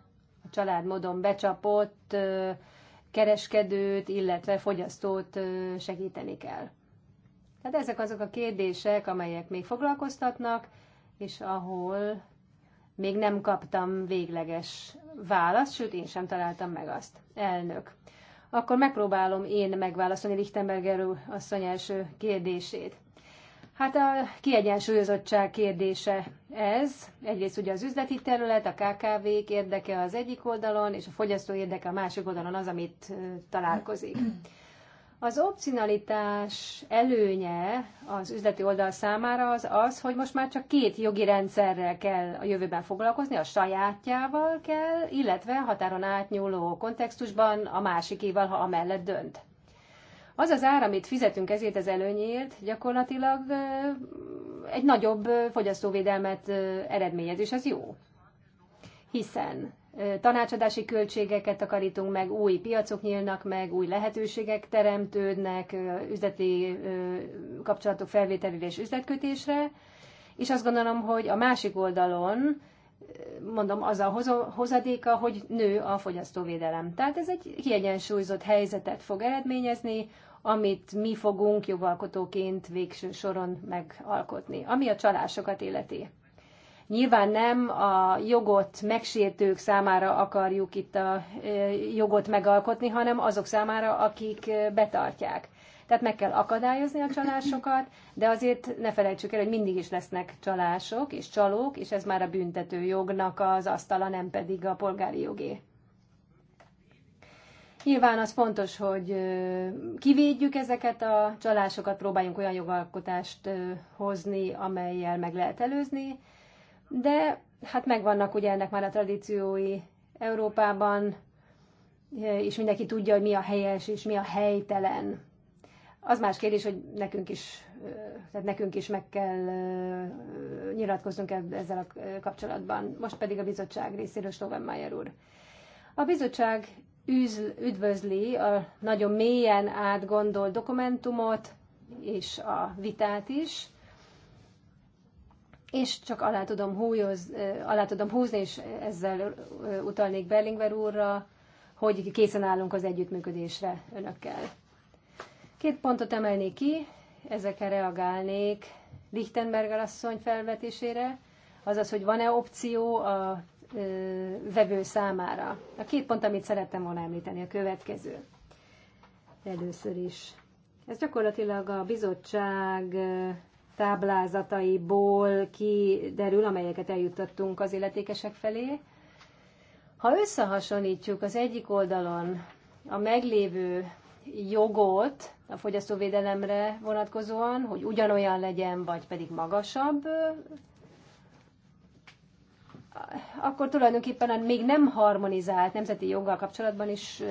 a családmódon becsapott kereskedőt, illetve fogyasztót segíteni kell. Tehát ezek azok a kérdések, amelyek még foglalkoztatnak, és ahol még nem kaptam végleges választ, sőt, én sem találtam meg azt. Elnök. Akkor megpróbálom én megválaszolni Lichtenberger asszony első kérdését. Hát a kiegyensúlyozottság kérdése ez. Egyrészt ugye az üzleti terület, a KKV-k érdeke az egyik oldalon, és a fogyasztó érdeke a másik oldalon az, amit találkozik. Az opcionalitás előnye az üzleti oldal számára az az, hogy most már csak két jogi rendszerrel kell a jövőben foglalkozni, a sajátjával kell, illetve határon átnyúló kontextusban a másikéval, ha amellett dönt. Az az ár, amit fizetünk ezért az előnyért, gyakorlatilag egy nagyobb fogyasztóvédelmet eredményez, és ez jó. Hiszen tanácsadási költségeket takarítunk meg, új piacok nyílnak meg, új lehetőségek teremtődnek üzleti kapcsolatok felvételére és üzletkötésre, és azt gondolom, hogy a másik oldalon, mondom, az a hozadéka, hogy nő a fogyasztóvédelem. Tehát ez egy kiegyensúlyozott helyzetet fog eredményezni, amit mi fogunk jogalkotóként végső soron megalkotni, ami a csalásokat illeti. Nyilván nem a jogot megsértők számára akarjuk itt a jogot megalkotni, hanem azok számára, akik betartják. Tehát meg kell akadályozni a csalásokat, de azért ne felejtsük el, hogy mindig is lesznek csalások és csalók, és ez már a büntető jognak az asztala, nem pedig a polgári jogé. Nyilván az fontos, hogy kivédjük ezeket a csalásokat, próbáljunk olyan jogalkotást hozni, amelyel meg lehet előzni, de hát megvannak ugye ennek már a tradíciói Európában, e, és mindenki tudja, hogy mi a helyes és mi a helytelen. Az más kérdés, hogy nekünk is, e, tehát nekünk is meg kell e, nyilatkoznunk ezzel a kapcsolatban. Most pedig a bizottság részéről Slovenmayer úr. A bizottság üzl, üdvözli a nagyon mélyen átgondolt dokumentumot és a vitát is, és csak alá tudom, hújoz, alá tudom húzni, és ezzel utalnék Berlingver úrra, hogy készen állunk az együttműködésre önökkel. Két pontot emelnék ki, ezekre reagálnék Lichtenberger asszony felvetésére, azaz, hogy van-e opció a ö, vevő számára. A két pont, amit szerettem volna említeni, a következő. Először is. Ez gyakorlatilag a bizottság táblázataiból kiderül, amelyeket eljuttattunk az illetékesek felé. Ha összehasonlítjuk az egyik oldalon a meglévő jogot a fogyasztóvédelemre vonatkozóan, hogy ugyanolyan legyen, vagy pedig magasabb, akkor tulajdonképpen a még nem harmonizált nemzeti joggal kapcsolatban is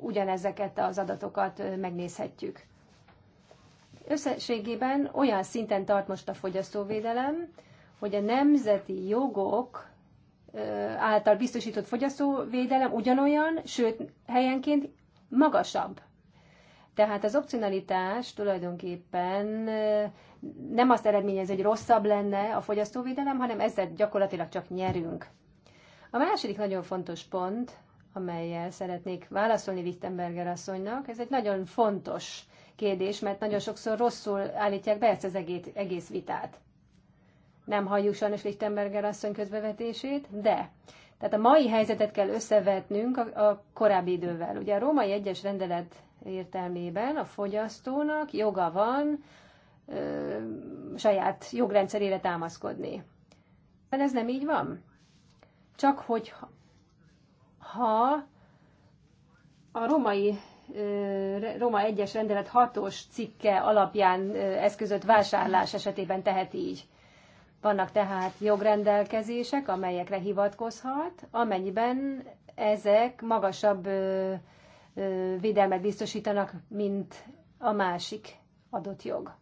ugyanezeket az adatokat megnézhetjük. Összességében olyan szinten tart most a fogyasztóvédelem, hogy a nemzeti jogok által biztosított fogyasztóvédelem ugyanolyan, sőt, helyenként magasabb. Tehát az opcionalitás tulajdonképpen nem azt eredményez, hogy rosszabb lenne a fogyasztóvédelem, hanem ezzel gyakorlatilag csak nyerünk. A második nagyon fontos pont, amelyel szeretnék válaszolni Wittenberger asszonynak, ez egy nagyon fontos kérdés, mert nagyon sokszor rosszul állítják be ezt az egész, egész vitát. Nem halljuk sajnos Lichtenberger asszony közbevetését, de tehát a mai helyzetet kell összevetnünk a, a korábbi idővel. Ugye a római egyes rendelet értelmében a fogyasztónak joga van ö, saját jogrendszerére támaszkodni. De ez nem így van. Csak hogy ha a római Roma 1-es rendelet 6-os cikke alapján eszközött vásárlás esetében teheti így. Vannak tehát jogrendelkezések, amelyekre hivatkozhat, amennyiben ezek magasabb védelmet biztosítanak, mint a másik adott jog.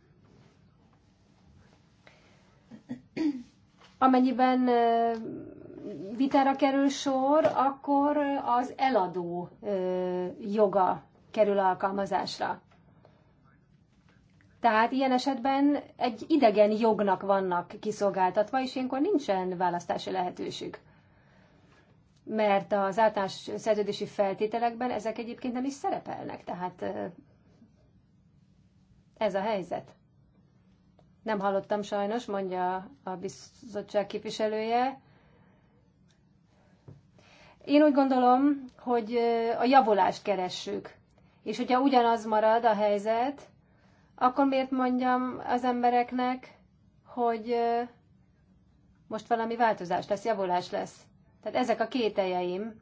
Amennyiben vitára kerül sor, akkor az eladó joga kerül alkalmazásra. Tehát ilyen esetben egy idegen jognak vannak kiszolgáltatva, és ilyenkor nincsen választási lehetőség. Mert az általános szerződési feltételekben ezek egyébként nem is szerepelnek. Tehát ez a helyzet. Nem hallottam sajnos, mondja a bizottság képviselője. Én úgy gondolom, hogy a javulást keressük és hogyha ugyanaz marad a helyzet, akkor miért mondjam az embereknek, hogy most valami változás lesz, javulás lesz. Tehát ezek a kételjeim,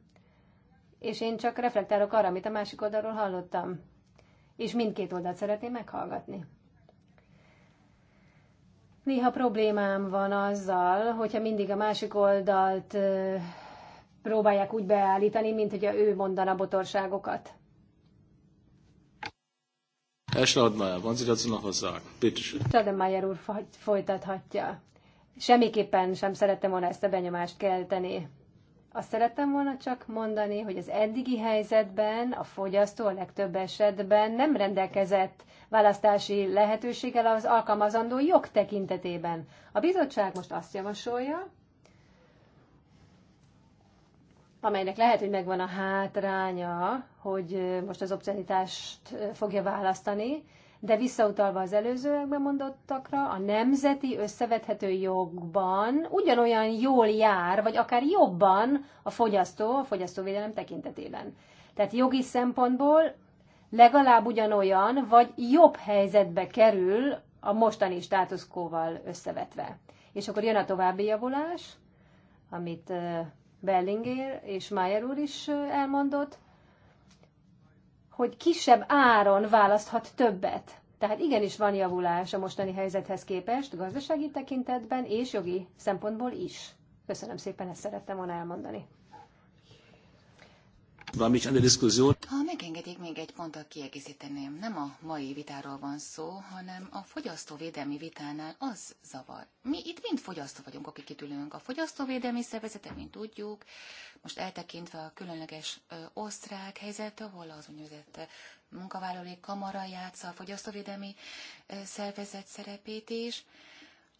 és én csak reflektálok arra, amit a másik oldalról hallottam. És mindkét oldalt szeretném meghallgatni. Néha problémám van azzal, hogyha mindig a másik oldalt próbálják úgy beállítani, mint hogyha ő mondana botorságokat. Herr Staudmeier, wollen Sie dazu noch was sagen? Bitte schön. úr folytathatja. Semmiképpen sem szerettem volna ezt a benyomást kelteni. Azt szerettem volna csak mondani, hogy az eddigi helyzetben a fogyasztó a legtöbb esetben nem rendelkezett választási lehetőséggel az alkalmazandó jog tekintetében. A bizottság most azt javasolja, amelynek lehet, hogy megvan a hátránya, hogy most az obszenitást fogja választani, de visszautalva az előzőekben mondottakra, a nemzeti összevethető jogban ugyanolyan jól jár, vagy akár jobban a fogyasztó, a fogyasztóvédelem tekintetében. Tehát jogi szempontból legalább ugyanolyan, vagy jobb helyzetbe kerül a mostani státuszkóval összevetve. És akkor jön a további javulás, amit Bellinger és Mayer úr is elmondott, hogy kisebb áron választhat többet. Tehát igenis van javulás a mostani helyzethez képest, gazdasági tekintetben és jogi szempontból is. Köszönöm szépen, ezt szerettem volna elmondani. Valamit Ha megengedik, még egy pontot kiegészíteném. Nem a mai vitáról van szó, hanem a fogyasztóvédelmi vitánál az zavar. Mi itt mind fogyasztó vagyunk, akik itt ülünk. A fogyasztóvédelmi szervezete, mint tudjuk, most eltekintve a különleges ö, osztrák helyzet, ahol az úgynevezett munkavállalói kamara játsza a fogyasztóvédelmi ö, szervezet szerepét is,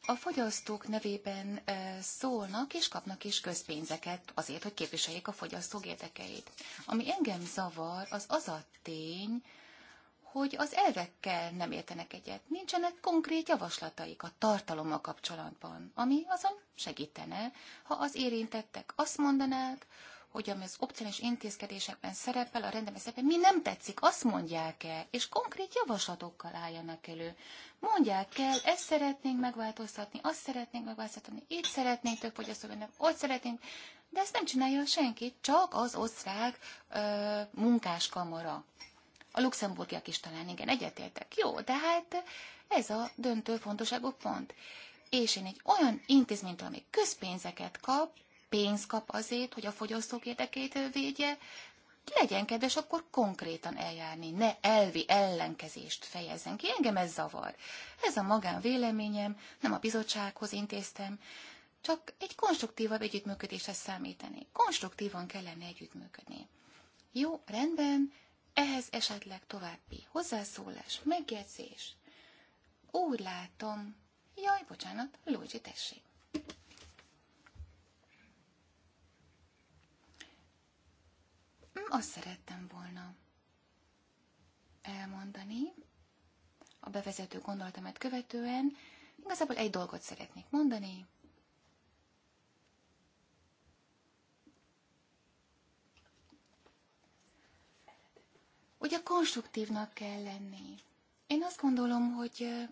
a fogyasztók nevében szólnak és kapnak is közpénzeket azért, hogy képviseljék a fogyasztók érdekeit. Ami engem zavar, az az a tény, hogy az elvekkel nem értenek egyet. Nincsenek konkrét javaslataik a tartalommal kapcsolatban, ami azon segítene, ha az érintettek azt mondanák, hogy ami az opciós intézkedésekben szerepel, a rendeletben szerepel, mi nem tetszik, azt mondják el, és konkrét javaslatokkal álljanak elő. Mondják el, ezt szeretnénk megváltoztatni, azt szeretnénk megváltoztatni, itt szeretnénk több fogyasztóvédelmet, ott szeretnénk, de ezt nem csinálja senki, csak az osztrák ö, munkáskamara. A luxemburgiak is talán igen, egyetértek. Jó, de hát ez a döntő fontosságú pont. És én egy olyan intézményt, ami közpénzeket kap, pénzt kap azért, hogy a fogyasztók érdekét védje, legyen kedves akkor konkrétan eljárni, ne elvi ellenkezést fejezzen ki. Engem ez zavar. Ez a magán véleményem, nem a bizottsághoz intéztem, csak egy konstruktívabb együttműködéshez számítani. Konstruktívan kellene együttműködni. Jó, rendben, ehhez esetleg további hozzászólás, megjegyzés. Úgy látom. Jaj, bocsánat, Luigi, tessék. Hm, azt szerettem volna elmondani, a bevezető gondolatomat követően, igazából egy dolgot szeretnék mondani. Ugye konstruktívnak kell lenni. Én azt gondolom, hogy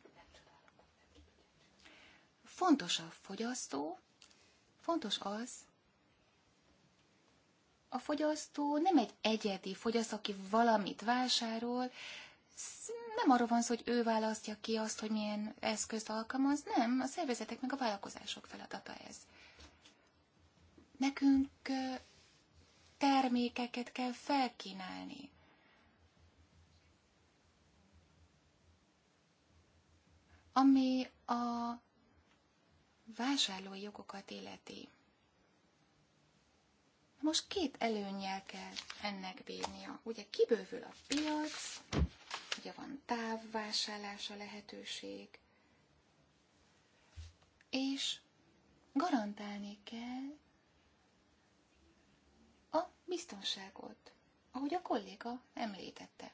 fontos a fogyasztó, fontos az, a fogyasztó nem egy egyedi fogyasztó, aki valamit vásárol, nem arról van szó, hogy ő választja ki azt, hogy milyen eszközt alkalmaz, nem, a szervezetek meg a vállalkozások feladata ez. Nekünk termékeket kell felkínálni. Ami a vásárlói jogokat életi. Most két előnyel kell ennek bírnia. Ugye kibővül a piac, ugye van távvásárlása lehetőség, és garantálni kell a biztonságot, ahogy a kolléga említette.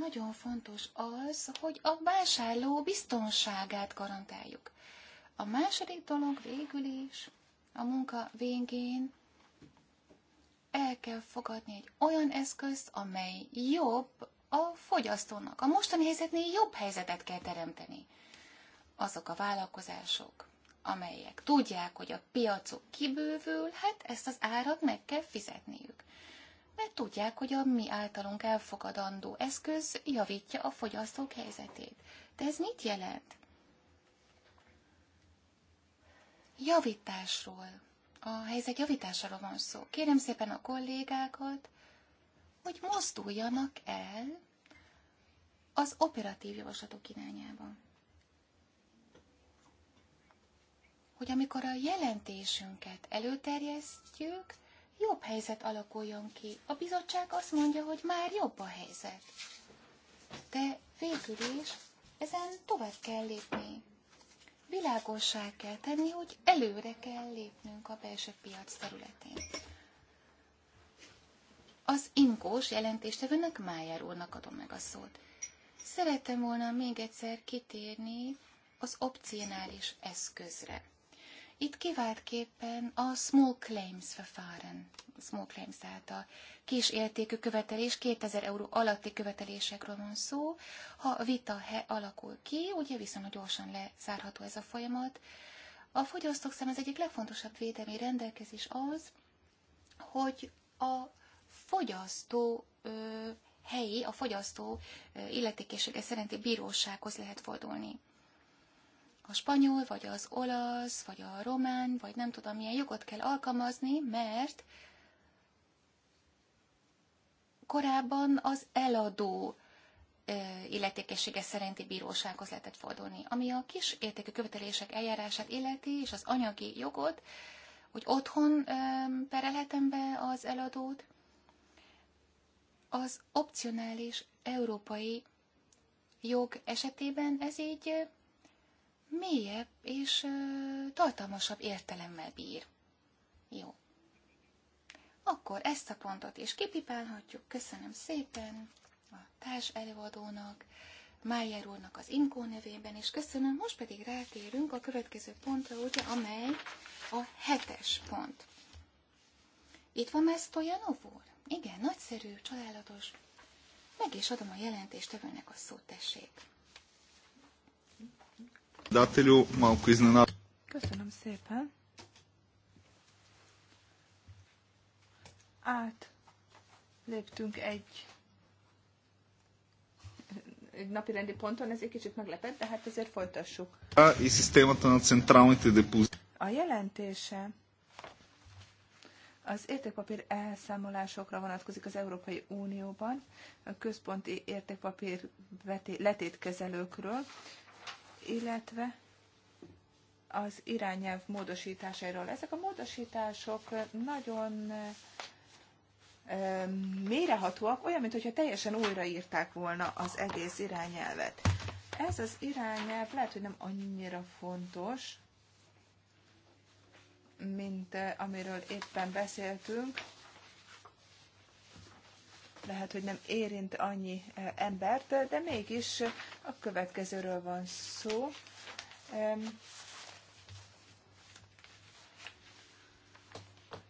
Nagyon fontos az, hogy a vásárló biztonságát garantáljuk. A második dolog végül is a munka végén el kell fogadni egy olyan eszközt, amely jobb a fogyasztónak. A mostani helyzetnél jobb helyzetet kell teremteni. Azok a vállalkozások, amelyek tudják, hogy a piacok kibővül, hát ezt az árat meg kell fizetniük mert tudják, hogy a mi általunk elfogadandó eszköz javítja a fogyasztók helyzetét. De ez mit jelent? Javításról, a helyzet javításáról van szó. Kérem szépen a kollégákat, hogy mozduljanak el az operatív javaslatok irányába. Hogy amikor a jelentésünket előterjesztjük, jobb helyzet alakuljon ki. A bizottság azt mondja, hogy már jobb a helyzet. De végül is ezen tovább kell lépni. Világossá kell tenni, hogy előre kell lépnünk a belső piac területén. Az inkós jelentéstevőnek Májár úrnak adom meg a szót. Szerettem volna még egyszer kitérni az opcionális eszközre. Itt kiváltképpen a small claims verfahren, small claims, tehát a kis értékű követelés, 2000 euró alatti követelésekről van szó. Ha a vita he, alakul ki, ugye viszonylag gyorsan lezárható ez a folyamat. A fogyasztók szem az egyik legfontosabb védelmi rendelkezés az, hogy a fogyasztó ö, helyi, a fogyasztó illetékessége szerinti bírósághoz lehet fordulni a spanyol, vagy az olasz, vagy a román, vagy nem tudom milyen jogot kell alkalmazni, mert korábban az eladó illetékessége szerinti bírósághoz lehetett fordulni. Ami a kis értékű követelések eljárását illeti, és az anyagi jogot, hogy otthon perelhetem be az eladót, az opcionális európai jog esetében ez így mélyebb és tartalmasabb értelemmel bír. Jó. Akkor ezt a pontot is kipipálhatjuk. Köszönöm szépen a társ előadónak, Májer úrnak az Inkó nevében, és köszönöm. Most pedig rátérünk a következő pontra, ugye, amely a hetes pont. Itt van már a úr? Igen, nagyszerű, csodálatos. Meg is adom a jelentéstevőnek a szót, tessék. Köszönöm szépen. Át léptünk egy napi rendi ponton, ez egy kicsit meglepett, de hát ezért folytassuk. A jelentése az értékpapír elszámolásokra vonatkozik az Európai Unióban, a központi értékpapír letétkezelőkről illetve az irányelv módosításairól. Ezek a módosítások nagyon mérehatóak, olyan, mintha teljesen újraírták volna az egész irányelvet. Ez az irányelv lehet, hogy nem annyira fontos, mint amiről éppen beszéltünk, lehet, hogy nem érint annyi eh, embert, de mégis a következőről van szó.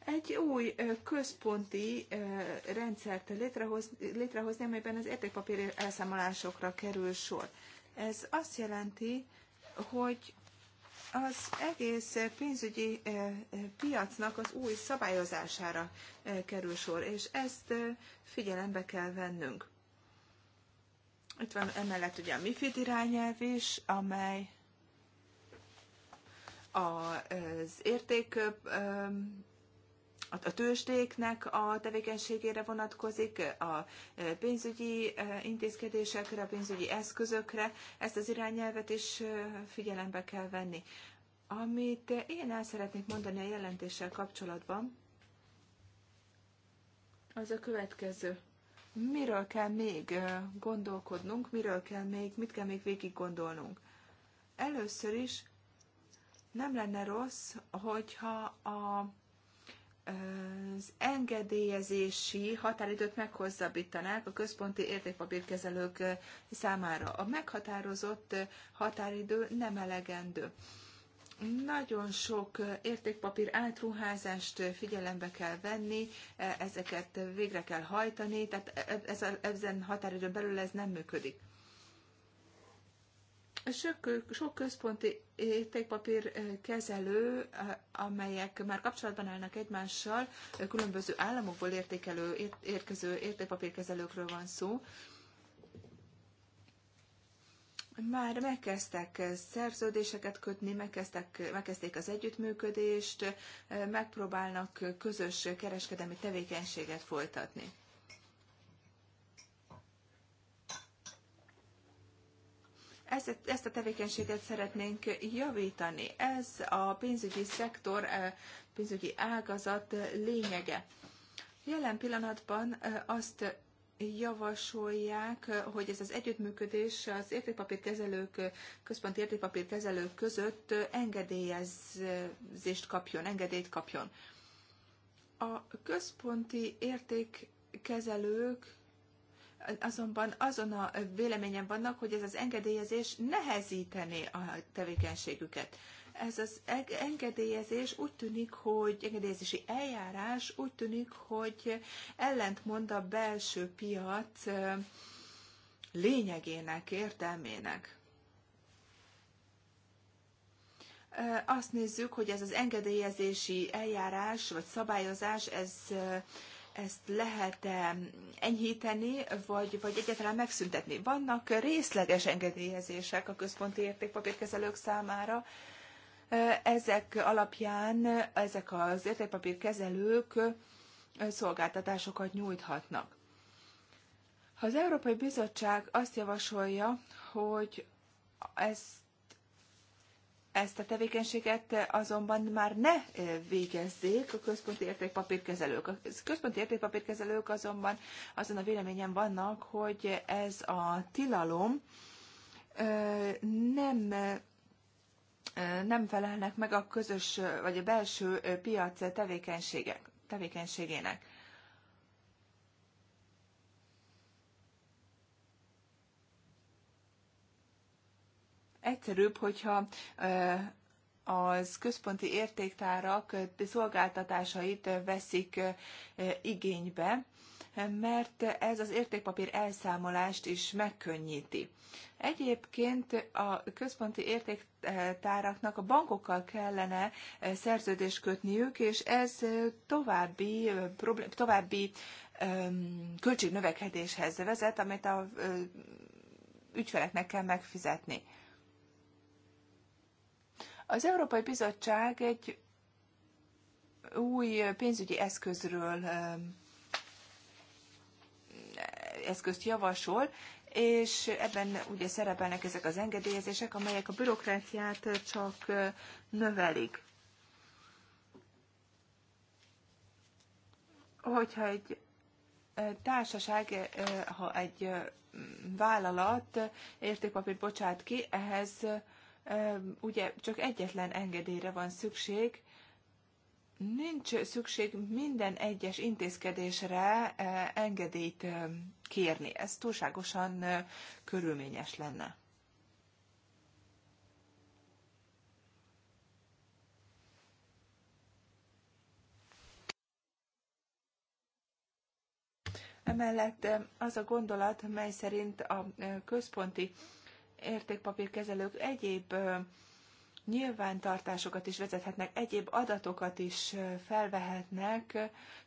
Egy új eh, központi eh, rendszert létrehozni, létrehozni amelyben az értékpapír elszámolásokra kerül sor. Ez azt jelenti, hogy az egész eh, pénzügyi eh, eh, piacnak az új szabályozására kerül sor, és ezt figyelembe kell vennünk. Itt van emellett ugye a MIFID irányelv is, amely az érték a tőzsdéknek a tevékenységére vonatkozik, a e, pénzügyi e, intézkedésekre, a pénzügyi eszközökre. Ezt az irányelvet is e, figyelembe kell venni. Amit én el szeretnék mondani a jelentéssel kapcsolatban, az a következő. Miről kell még gondolkodnunk, miről kell még, mit kell még végig gondolnunk? Először is nem lenne rossz, hogyha a az engedélyezési határidőt meghozzabítanák a központi értékpapírkezelők számára. A meghatározott határidő nem elegendő. Nagyon sok értékpapír átruházást figyelembe kell venni, ezeket végre kell hajtani, tehát e, ezen határidő belül ez nem működik. Sok, sok központi értékpapír eh, kezelő, eh, amelyek már kapcsolatban állnak egymással, eh, különböző államokból értékelő, érkező értékpapírkezelőkről van szó, már megkezdtek szerződéseket kötni, megkezdtek, megkezdték az együttműködést, megpróbálnak közös kereskedelmi tevékenységet folytatni. Ezt, ezt a tevékenységet szeretnénk javítani. Ez a pénzügyi szektor, eh, pénzügyi ágazat lényege. Jelen pillanatban eh, azt javasolják, eh, hogy ez az együttműködés az értékpapírkezelők, központi értékpapírkezelők között engedélyezést kapjon, engedélyt kapjon. A központi értékkezelők azonban azon a véleményen vannak, hogy ez az engedélyezés nehezítené a tevékenységüket. Ez az engedélyezés úgy tűnik, hogy engedélyezési eljárás úgy tűnik, hogy ellentmond a belső piac lényegének, értelmének. Azt nézzük, hogy ez az engedélyezési eljárás vagy szabályozás, ez ezt lehet -e enyhíteni, vagy, vagy egyáltalán megszüntetni? Vannak részleges engedélyezések a központi értékpapírkezelők számára, ezek alapján ezek az értékpapírkezelők szolgáltatásokat nyújthatnak. Az Európai Bizottság azt javasolja, hogy ez ezt a tevékenységet azonban már ne végezzék a központi értékpapírkezelők. A központi értékpapírkezelők azonban azon a véleményen vannak, hogy ez a tilalom nem nem felelnek meg a közös vagy a belső piac tevékenységek, tevékenységének. egyszerűbb, hogyha az központi értéktárak szolgáltatásait veszik igénybe, mert ez az értékpapír elszámolást is megkönnyíti. Egyébként a központi értéktáraknak a bankokkal kellene szerződést kötniük, és ez további, további költségnövekedéshez vezet, amit a ügyfeleknek kell megfizetni. Az Európai Bizottság egy új pénzügyi eszközről eszközt javasol, és ebben ugye szerepelnek ezek az engedélyezések, amelyek a bürokráciát csak növelik. Hogyha egy társaság, ha egy vállalat értékpapírt bocsát ki, ehhez ugye csak egyetlen engedélyre van szükség, nincs szükség minden egyes intézkedésre engedélyt kérni. Ez túlságosan körülményes lenne. Emellett az a gondolat, mely szerint a központi értékpapírkezelők egyéb nyilvántartásokat is vezethetnek, egyéb adatokat is felvehetnek,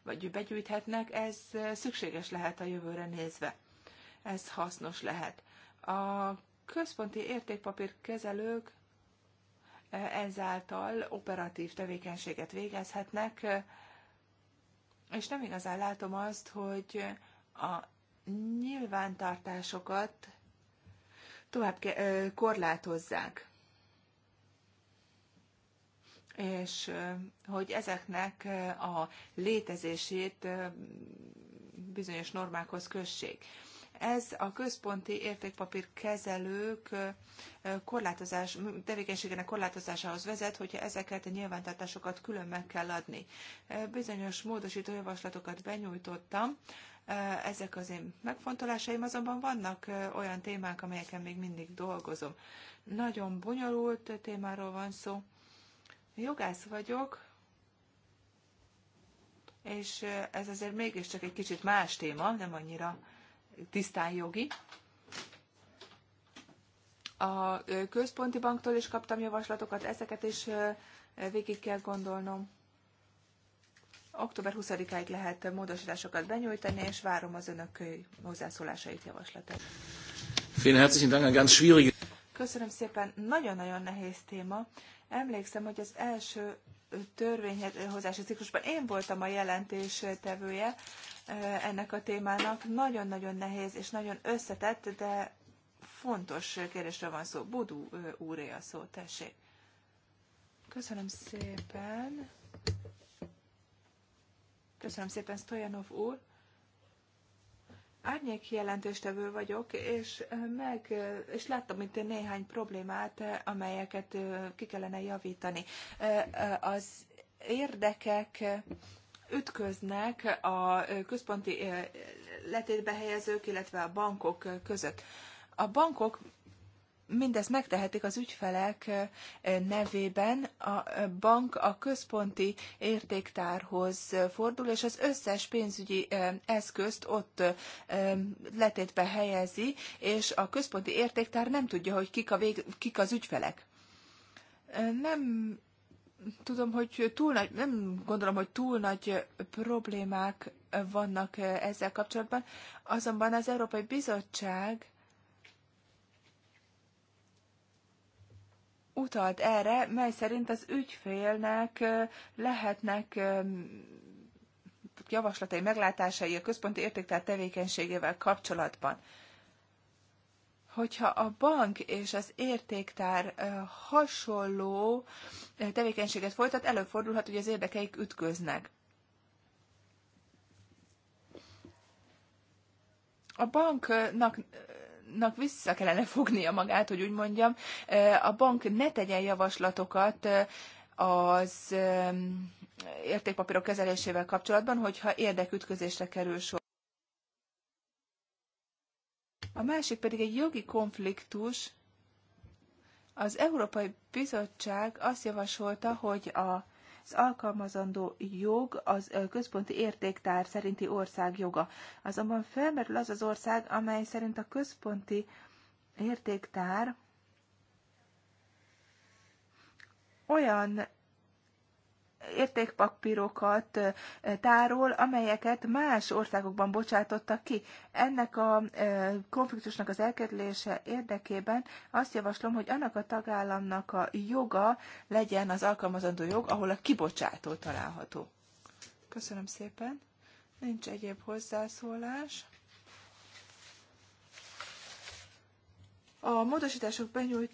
vagy begyűjthetnek, ez szükséges lehet a jövőre nézve. Ez hasznos lehet. A központi értékpapírkezelők ezáltal operatív tevékenységet végezhetnek, és nem igazán látom azt, hogy a nyilvántartásokat tovább korlátozzák. És hogy ezeknek a létezését bizonyos normákhoz kössék. Ez a központi értékpapír kezelők korlátozás, tevékenységének korlátozásához vezet, hogyha ezeket a nyilvántartásokat külön meg kell adni. Bizonyos módosító javaslatokat benyújtottam ezek az én megfontolásaim azonban vannak olyan témák, amelyeken még mindig dolgozom. Nagyon bonyolult témáról van szó. Jogász vagyok, és ez azért mégiscsak egy kicsit más téma, nem annyira tisztán jogi. A központi banktól is kaptam javaslatokat, ezeket is végig kell gondolnom. Október 20-áig lehet módosításokat benyújtani, és várom az önök hozzászólásait, javaslatait. Köszönöm szépen, nagyon-nagyon nehéz téma. Emlékszem, hogy az első törvényhozási ciklusban én voltam a jelentés tevője eh, ennek a témának. Nagyon-nagyon nehéz és nagyon összetett, de fontos kérdésre van szó. Budú eh, úré a szó, tessék. Köszönöm szépen. Köszönöm szépen, Stojanov úr. Árnyék jelentéstevő vagyok, és, meg, és láttam itt néhány problémát, amelyeket ki kellene javítani. Az érdekek ütköznek a központi letétbehelyezők, illetve a bankok között. A bankok mindezt megtehetik az ügyfelek nevében. A bank a központi értéktárhoz fordul, és az összes pénzügyi eszközt ott letétbe helyezi, és a központi értéktár nem tudja, hogy kik, a vég, kik az ügyfelek. Nem tudom, hogy túl nagy, nem gondolom, hogy túl nagy problémák vannak ezzel kapcsolatban, azonban az Európai Bizottság utalt erre, mely szerint az ügyfélnek lehetnek javaslatai, meglátásai a központi értéktár tevékenységével kapcsolatban. Hogyha a bank és az értéktár hasonló tevékenységet folytat, előfordulhat, hogy az érdekeik ütköznek. A banknak nak vissza kellene fognia magát, hogy úgy mondjam, a bank ne tegyen javaslatokat az értékpapírok kezelésével kapcsolatban, hogyha érdekütközésre kerül sor. A másik pedig egy jogi konfliktus. Az Európai Bizottság azt javasolta, hogy a az alkalmazandó jog az központi értéktár szerinti ország joga. Azonban felmerül az az ország, amely szerint a központi értéktár olyan értékpapírokat tárol, amelyeket más országokban bocsátottak ki. Ennek a konfliktusnak az elkerülése érdekében azt javaslom, hogy annak a tagállamnak a joga legyen az alkalmazandó jog, ahol a kibocsátó található. Köszönöm szépen. Nincs egyéb hozzászólás. A módosítások benyújt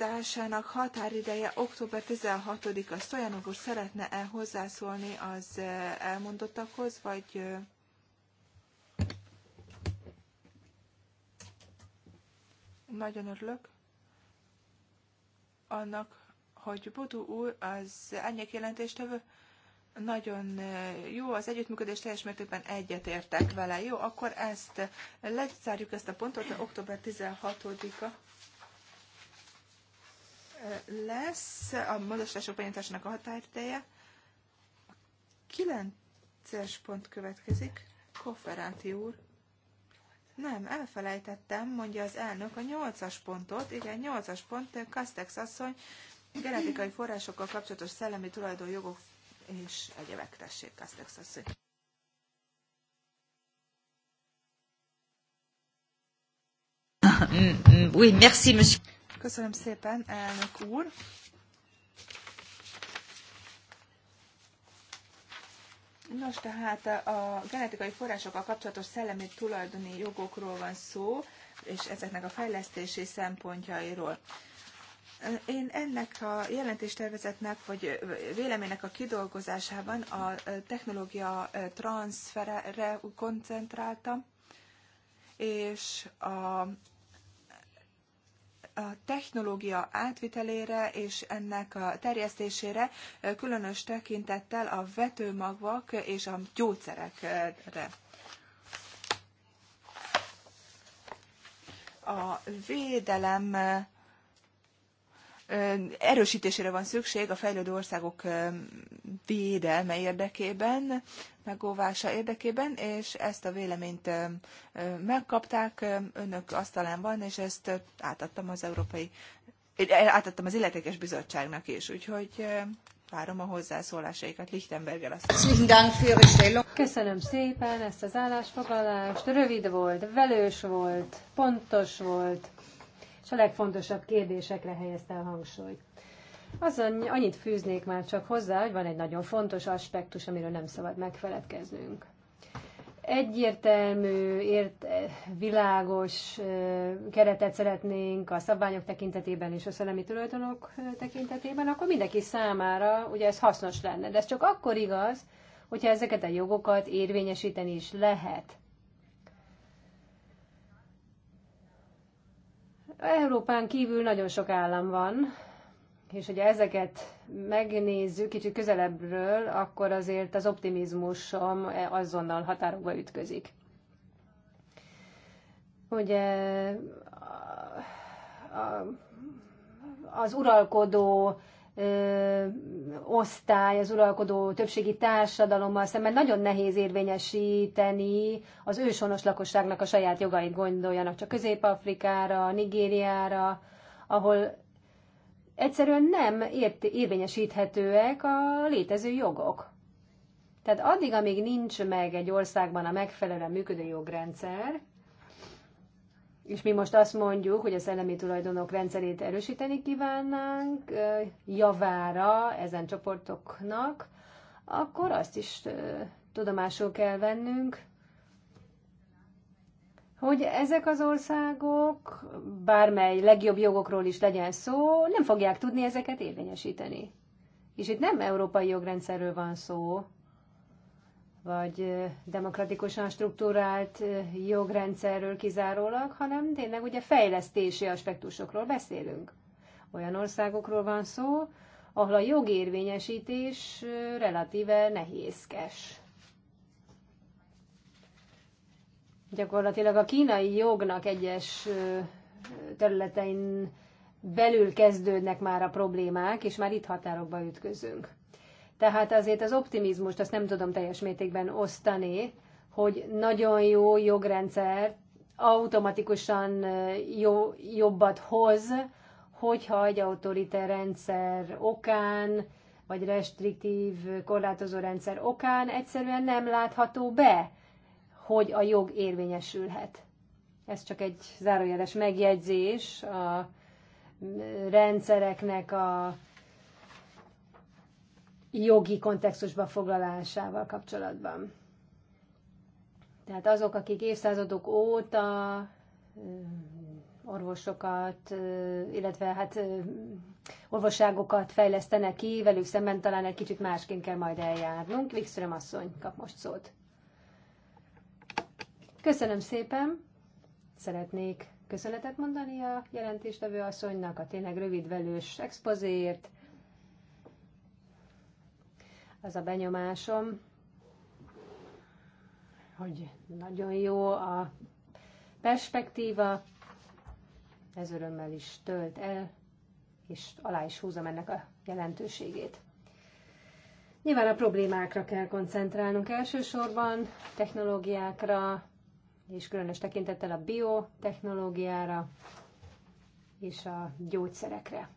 benyújtásának határideje október 16-a. Stojanov úr szeretne-e hozzászólni az elmondottakhoz, vagy... Nagyon örülök annak, hogy Bodó úr az árnyék jelentéstevő nagyon jó, az együttműködés teljes mértékben egyetértek vele. Jó, akkor ezt lezárjuk ezt a pontot, október 16-a lesz a mozgások benyújtásának a határideje. A kilences pont következik. Kofferáti úr. Nem, elfelejtettem, mondja az elnök a nyolcas pontot. Igen, nyolcas pont, Kastex asszony, genetikai forrásokkal kapcsolatos szellemi tulajdonjogok és egyebek, tessék, Kastex asszony. Mm, mm, oui, merci, monsieur. Köszönöm szépen, elnök úr. Nos, tehát a genetikai forrásokkal kapcsolatos szellemi tulajdoni jogokról van szó, és ezeknek a fejlesztési szempontjairól. Én ennek a jelentéstervezetnek, vagy véleménynek a kidolgozásában a technológia transferre koncentráltam, és a a technológia átvitelére és ennek a terjesztésére, különös tekintettel a vetőmagvak és a gyógyszerekre. A védelem erősítésére van szükség a fejlődő országok védelme érdekében, megóvása érdekében, és ezt a véleményt megkapták, önök asztalán van, és ezt átadtam az Európai, átadtam az Illetékes Bizottságnak is, úgyhogy várom a hozzászólásaikat. Lichtenberger azt Köszönöm szépen ezt az állásfoglalást. Rövid volt, velős volt, pontos volt és a legfontosabb kérdésekre helyezte a hangsúlyt. Azon annyit fűznék már csak hozzá, hogy van egy nagyon fontos aspektus, amiről nem szabad megfeledkeznünk. Egyértelmű, ért, világos keretet szeretnénk a szabványok tekintetében és a szellemi tulajdonok tekintetében, akkor mindenki számára ugye ez hasznos lenne. De ez csak akkor igaz, hogyha ezeket a jogokat érvényesíteni is lehet Európán kívül nagyon sok állam van, és hogyha ezeket megnézzük kicsit közelebbről, akkor azért az optimizmusom azonnal határokba ütközik. Ugye az uralkodó osztály, az uralkodó többségi társadalommal szemben nagyon nehéz érvényesíteni az őshonos lakosságnak a saját jogait gondoljanak, csak Közép-Afrikára, Nigériára, ahol egyszerűen nem ért, érvényesíthetőek a létező jogok. Tehát addig, amíg nincs meg egy országban a megfelelően működő jogrendszer, és mi most azt mondjuk, hogy a szellemi tulajdonok rendszerét erősíteni kívánnánk javára ezen csoportoknak, akkor azt is tudomásul kell vennünk, hogy ezek az országok, bármely legjobb jogokról is legyen szó, nem fogják tudni ezeket érvényesíteni. És itt nem európai jogrendszerről van szó, vagy demokratikusan struktúrált jogrendszerről kizárólag, hanem tényleg ugye fejlesztési aspektusokról beszélünk. Olyan országokról van szó, ahol a jogérvényesítés relatíve nehézkes. Gyakorlatilag a kínai jognak egyes területein belül kezdődnek már a problémák, és már itt határokba ütközünk. Tehát azért az optimizmust azt nem tudom teljes mértékben osztani, hogy nagyon jó jogrendszer automatikusan jó, jobbat hoz, hogyha egy autoriter rendszer okán, vagy restriktív korlátozó rendszer okán egyszerűen nem látható be, hogy a jog érvényesülhet. Ez csak egy zárójeles megjegyzés a rendszereknek a jogi kontextusba foglalásával kapcsolatban. Tehát azok, akik évszázadok óta orvosokat, illetve hát orvosságokat fejlesztenek ki, velük szemben talán egy kicsit másként kell majd eljárnunk. Wikström asszony kap most szót. Köszönöm szépen! Szeretnék köszönetet mondani a jelentéstevő asszonynak a tényleg rövidvelős expozért, az a benyomásom, hogy nagyon jó a perspektíva, ez örömmel is tölt el, és alá is húzom ennek a jelentőségét. Nyilván a problémákra kell koncentrálnunk elsősorban, technológiákra, és különös tekintettel a biotechnológiára és a gyógyszerekre.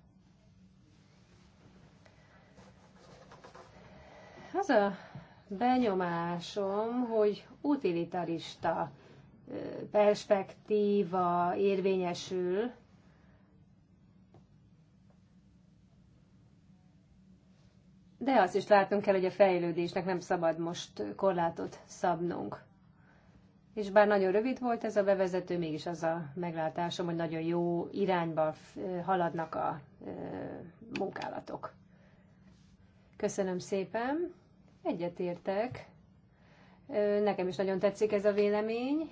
az a benyomásom, hogy utilitarista perspektíva érvényesül, de azt is látnunk kell, hogy a fejlődésnek nem szabad most korlátot szabnunk. És bár nagyon rövid volt ez a bevezető, mégis az a meglátásom, hogy nagyon jó irányba haladnak a munkálatok. Köszönöm szépen! Egyetértek. Nekem is nagyon tetszik ez a vélemény,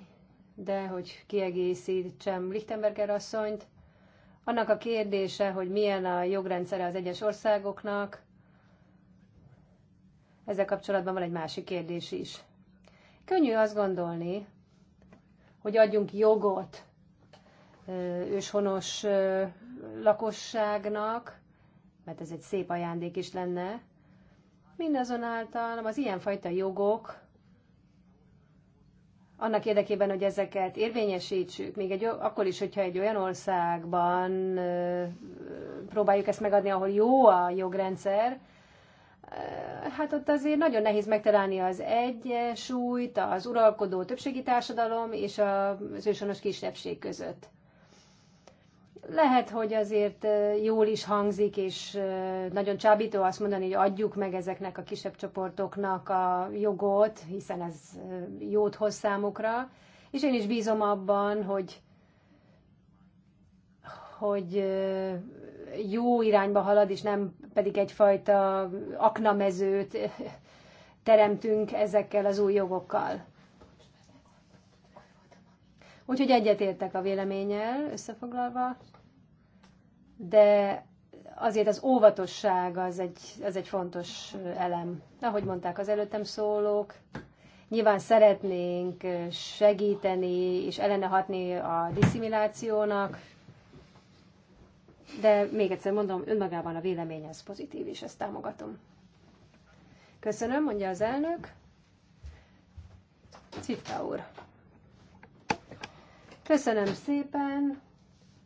de hogy kiegészítsem Lichtenberger asszonyt, annak a kérdése, hogy milyen a jogrendszere az egyes országoknak, ezzel kapcsolatban van egy másik kérdés is. Könnyű azt gondolni, hogy adjunk jogot őshonos lakosságnak, mert ez egy szép ajándék is lenne, Mindazonáltal az ilyenfajta jogok, annak érdekében, hogy ezeket érvényesítsük, még egy, akkor is, hogyha egy olyan országban próbáljuk ezt megadni, ahol jó a jogrendszer, hát ott azért nagyon nehéz megtalálni az egyensúlyt, az uralkodó többségi társadalom és az ősonos kisebbség között lehet, hogy azért jól is hangzik, és nagyon csábító azt mondani, hogy adjuk meg ezeknek a kisebb csoportoknak a jogot, hiszen ez jót hoz számukra. És én is bízom abban, hogy, hogy jó irányba halad, és nem pedig egyfajta aknamezőt teremtünk ezekkel az új jogokkal. Úgyhogy egyetértek a véleménnyel, összefoglalva de azért az óvatosság az egy, az egy fontos elem. Ahogy mondták az előttem szólók, nyilván szeretnénk segíteni és hatni a diszimilációnak, de még egyszer mondom, önmagában a vélemény az pozitív, és ezt támogatom. Köszönöm, mondja az elnök. Cifta úr. Köszönöm szépen,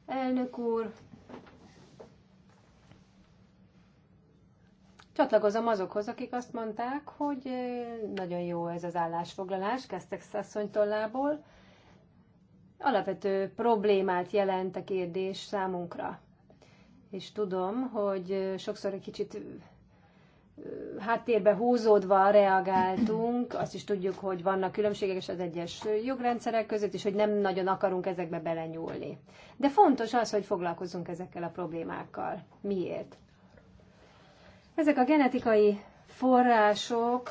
elnök úr, Csatlakozom azokhoz, akik azt mondták, hogy eh, nagyon jó ez az állásfoglalás, kezdtek szasszony tollából. Alapvető problémát jelent a kérdés számunkra. És tudom, hogy eh, sokszor egy kicsit eh, háttérbe húzódva reagáltunk, azt is tudjuk, hogy vannak különbségek és az egyes jogrendszerek között, és hogy nem nagyon akarunk ezekbe belenyúlni. De fontos az, hogy foglalkozunk ezekkel a problémákkal. Miért? Ezek a genetikai források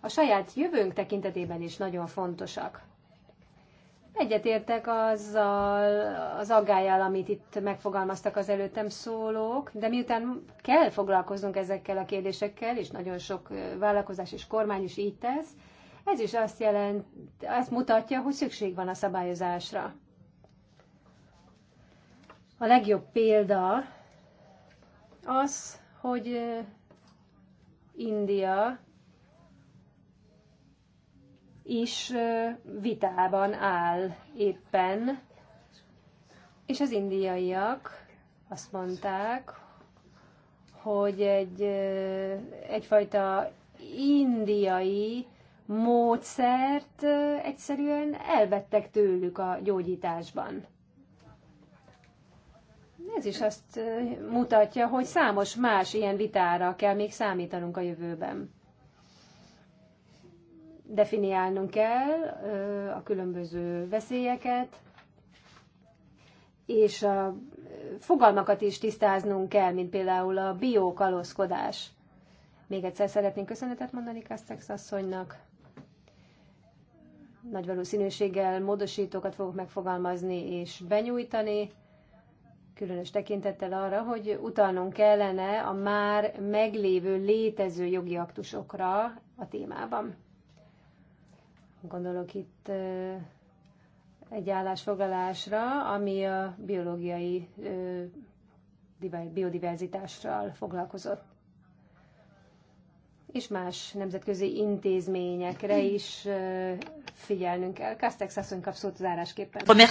a saját jövőnk tekintetében is nagyon fontosak. Egyetértek azzal az aggájjal, amit itt megfogalmaztak az előttem szólók, de miután kell foglalkoznunk ezekkel a kérdésekkel, és nagyon sok vállalkozás és kormány is így tesz, ez is azt jelent, azt mutatja, hogy szükség van a szabályozásra. A legjobb példa az, hogy India is vitában áll éppen, és az indiaiak azt mondták, hogy egy, egyfajta indiai módszert egyszerűen elvettek tőlük a gyógyításban ez is azt mutatja, hogy számos más ilyen vitára kell még számítanunk a jövőben. Definiálnunk kell a különböző veszélyeket, és a fogalmakat is tisztáznunk kell, mint például a biokaloszkodás. Még egyszer szeretnénk köszönetet mondani Kastex asszonynak. Nagy valószínűséggel módosítókat fogok megfogalmazni és benyújtani különös tekintettel arra, hogy utalnunk kellene a már meglévő létező jogi aktusokra a témában. Gondolok itt egy állásfoglalásra, ami a biológiai biodiverzitással foglalkozott és más nemzetközi intézményekre is figyelnünk kell. Kastex asszony kap szót zárásképpen. Oh,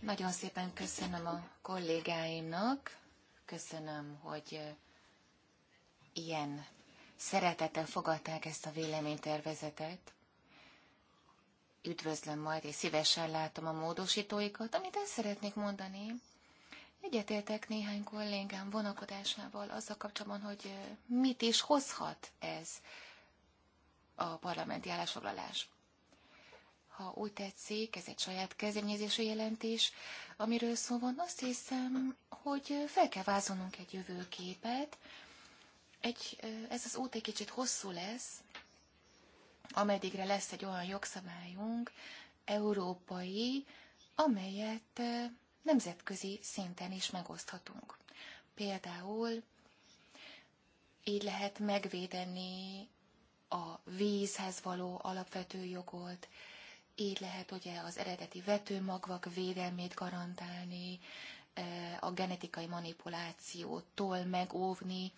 Nagyon szépen köszönöm a kollégáimnak, köszönöm, hogy ilyen szeretettel fogadták ezt a véleménytervezetet. Üdvözlöm majd, és szívesen látom a módosítóikat. Amit el szeretnék mondani, Egyetértek néhány kollégám vonakodásával azzal kapcsolatban, hogy mit is hozhat ez a parlamenti állásfoglalás. Ha úgy tetszik, ez egy saját kezdeményezési jelentés, amiről szó van, azt hiszem, hogy fel kell vázolnunk egy jövőképet. Egy, ez az út egy kicsit hosszú lesz, ameddigre lesz egy olyan jogszabályunk, európai, amelyet nemzetközi szinten is megoszthatunk. Például így lehet megvédeni a vízhez való alapvető jogot, így lehet ugye az eredeti vetőmagvak védelmét garantálni, eh, a genetikai manipulációtól megóvni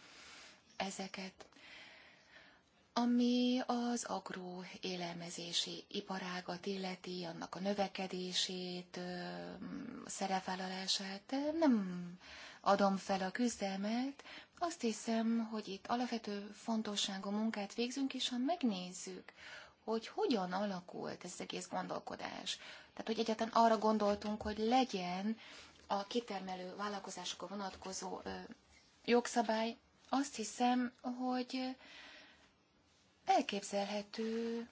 ezeket ami az agró élelmezési iparágat illeti, annak a növekedését, szerepvállalását. Nem adom fel a küzdelmet. Azt hiszem, hogy itt alapvető fontosságú munkát végzünk, és ha megnézzük, hogy hogyan alakult ez az egész gondolkodás. Tehát, hogy egyáltalán arra gondoltunk, hogy legyen a kitermelő vállalkozásokra vonatkozó jogszabály, azt hiszem, hogy elképzelhető,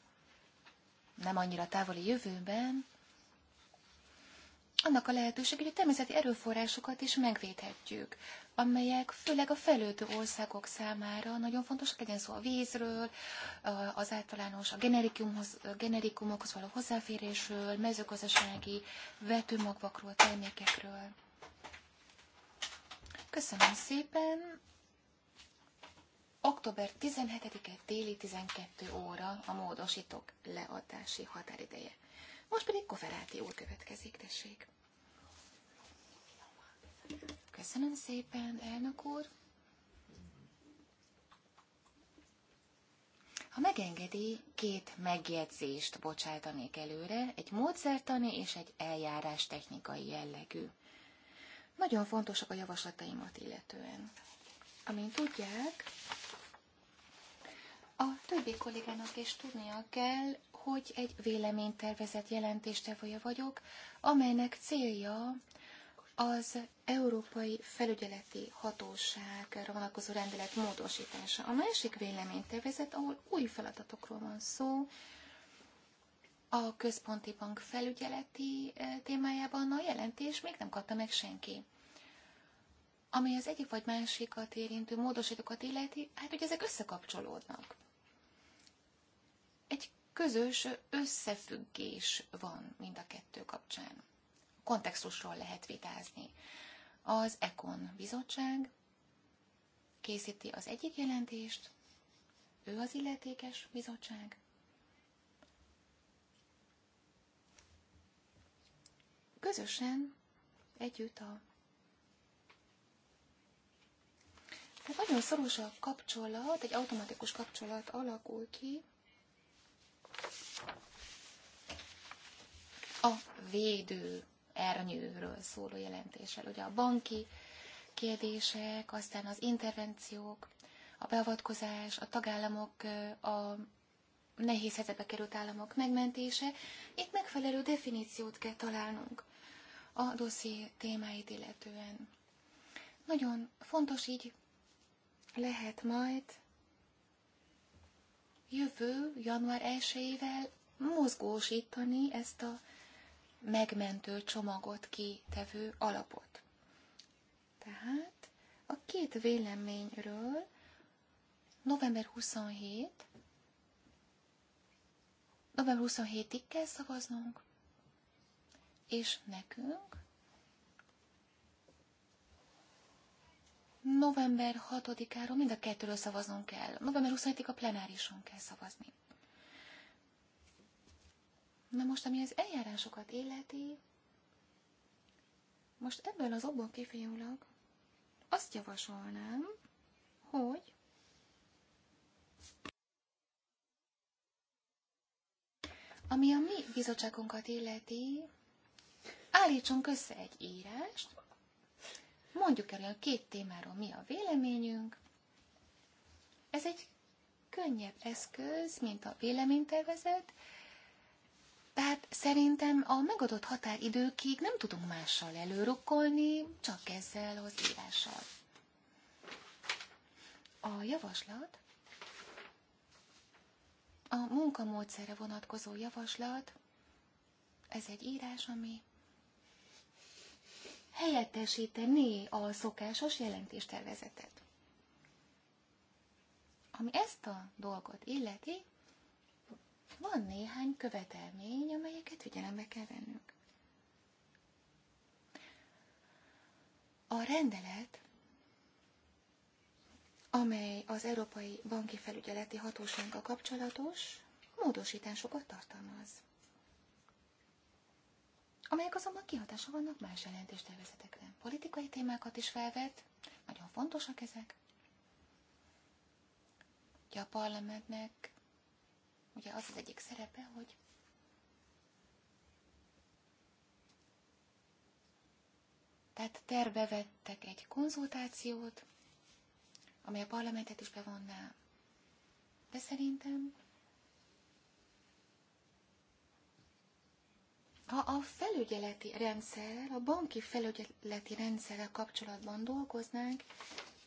nem annyira távoli jövőben, annak a lehetőség, hogy a természeti erőforrásokat is megvédhetjük, amelyek főleg a fejlődő országok számára nagyon fontosak, legyen szó a vízről, az általános a generikumhoz, generikumokhoz való hozzáférésről, mezőgazdasági vetőmagvakról, termékekről. Köszönöm szépen! Október 17-e téli 12 óra a módosítók leadási határideje. Most pedig Koferáti úr következik, tessék. Köszönöm szépen, elnök úr. Ha megengedi, két megjegyzést bocsátanék előre, egy módszertani és egy eljárás technikai jellegű. Nagyon fontosak a javaslataimat illetően. Amint tudják, a többi kollégának is tudnia kell, hogy egy véleménytervezett jelentéstevője vagyok, amelynek célja az Európai Felügyeleti Hatóságra vonatkozó rendelet módosítása. A másik véleménytervezet, ahol új feladatokról van szó, a központi bank felügyeleti eh, témájában a jelentés még nem kapta meg senki. Ami az egyik vagy másikat érintő módosítókat illeti, hát hogy ezek összekapcsolódnak egy közös összefüggés van mind a kettő kapcsán. Kontextusról lehet vitázni. Az Ekon bizottság készíti az egyik jelentést, ő az illetékes bizottság. Közösen, együtt a tehát nagyon szoros a kapcsolat, egy automatikus kapcsolat alakul ki a védő ernyőről szóló jelentéssel. Ugye a banki kérdések, aztán az intervenciók, a beavatkozás, a tagállamok, a nehéz helyzetbe került államok megmentése. Itt megfelelő definíciót kell találnunk a dosszi témáit illetően. Nagyon fontos így lehet majd jövő január 1-ével mozgósítani ezt a megmentő csomagot kitevő alapot. Tehát a két véleményről november 27, november 27-ig kell szavaznunk, és nekünk november 6-áról mind a kettőről szavaznunk kell. November 27-ig a plenárison kell szavazni. Na most, ami az eljárásokat illeti, most ebből az obból kifejezőleg azt javasolnám, hogy ami a mi bizottságunkat illeti, állítsunk össze egy írást, Mondjuk el, a két témáról mi a véleményünk. Ez egy könnyebb eszköz, mint a véleménytervezet, tehát szerintem a megadott határidőkig nem tudunk mással előrukkolni, csak ezzel az írással. A javaslat, a munkamódszerre vonatkozó javaslat, ez egy írás, ami helyettesíteni a szokásos jelentéstervezetet. Ami ezt a dolgot illeti, van néhány követelmény, amelyeket figyelembe kell vennünk. A rendelet, amely az Európai Banki Felügyeleti Hatósággal kapcsolatos, módosításokat tartalmaz amelyek azonban kihatása vannak más jelentéstervezetekre. Politikai témákat is felvet, nagyon fontosak ezek. Ugye a parlamentnek ugye az az egyik szerepe, hogy Tehát terve vettek egy konzultációt, amely a parlamentet is bevonná. De szerintem Ha a felügyeleti rendszer, a banki felügyeleti rendszerrel kapcsolatban dolgoznánk,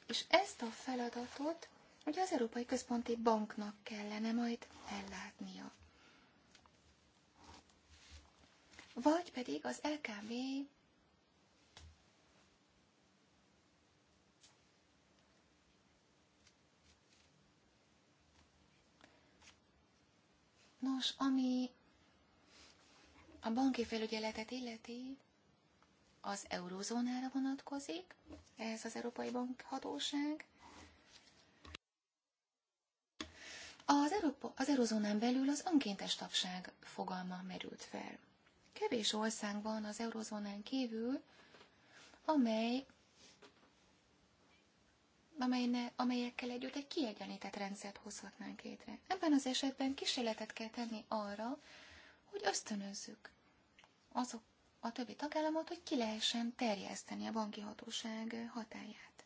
és ezt a feladatot ugye az Európai Központi Banknak kellene majd ellátnia. Vagy pedig az LKB Nos, ami a banki felügyeletet illeti, az eurózónára vonatkozik, ez az Európai hatóság. Az, Európa, az eurozónán belül az önkéntes tagság fogalma merült fel. Kevés ország van az eurozónán kívül, amely amelyne, amelyekkel együtt egy kiegyenlített rendszert hozhatnánk létre. Ebben az esetben kísérletet kell tenni arra, hogy ösztönözzük azok a többi tagállamot, hogy ki lehessen terjeszteni a banki hatóság hatáját.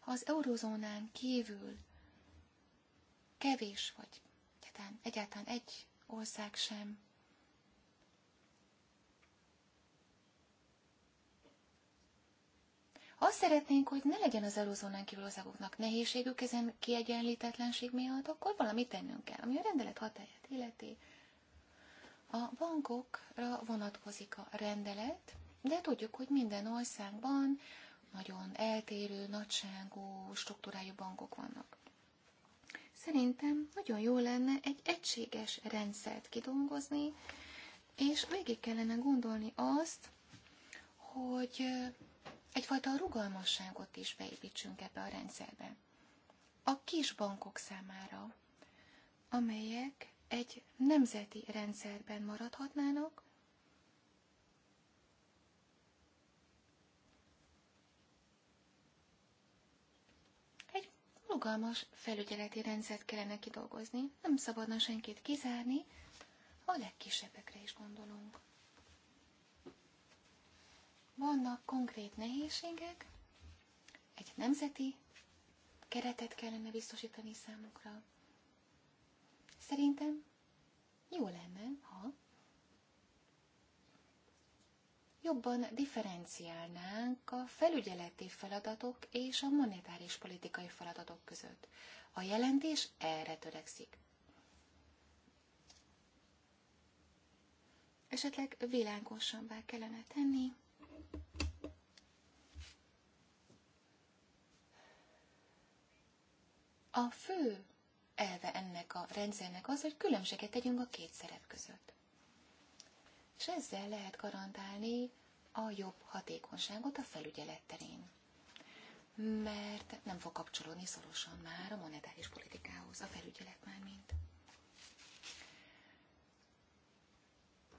Ha az eurozónán kívül kevés vagy egyáltalán, egyáltalán egy ország sem Azt szeretnénk, hogy ne legyen az eurózónán kívül országoknak nehézségük ezen kiegyenlítetlenség miatt, akkor valamit tennünk kell, ami a rendelet hatáját illeti. A bankokra vonatkozik a rendelet, de tudjuk, hogy minden országban nagyon eltérő, nagyságú, struktúrájú bankok vannak. Szerintem nagyon jó lenne egy egységes rendszert kidolgozni, és végig kellene gondolni azt, hogy egyfajta rugalmasságot is beépítsünk ebbe a rendszerbe. A kis bankok számára, amelyek egy nemzeti rendszerben maradhatnának, egy rugalmas felügyeleti rendszert kellene kidolgozni, nem szabadna senkit kizárni, a legkisebbekre is gondolunk. Vannak konkrét nehézségek, egy nemzeti keretet kellene biztosítani számukra. Szerintem jó lenne, ha jobban differenciálnánk a felügyeleti feladatok és a monetáris politikai feladatok között. A jelentés erre törekszik. Esetleg világosabbá kellene tenni A fő elve ennek a rendszernek az, hogy különbséget tegyünk a két szerep között. És ezzel lehet garantálni a jobb hatékonyságot a felügyelet terén. Mert nem fog kapcsolódni szorosan már a monetáris politikához, a felügyelet már mint.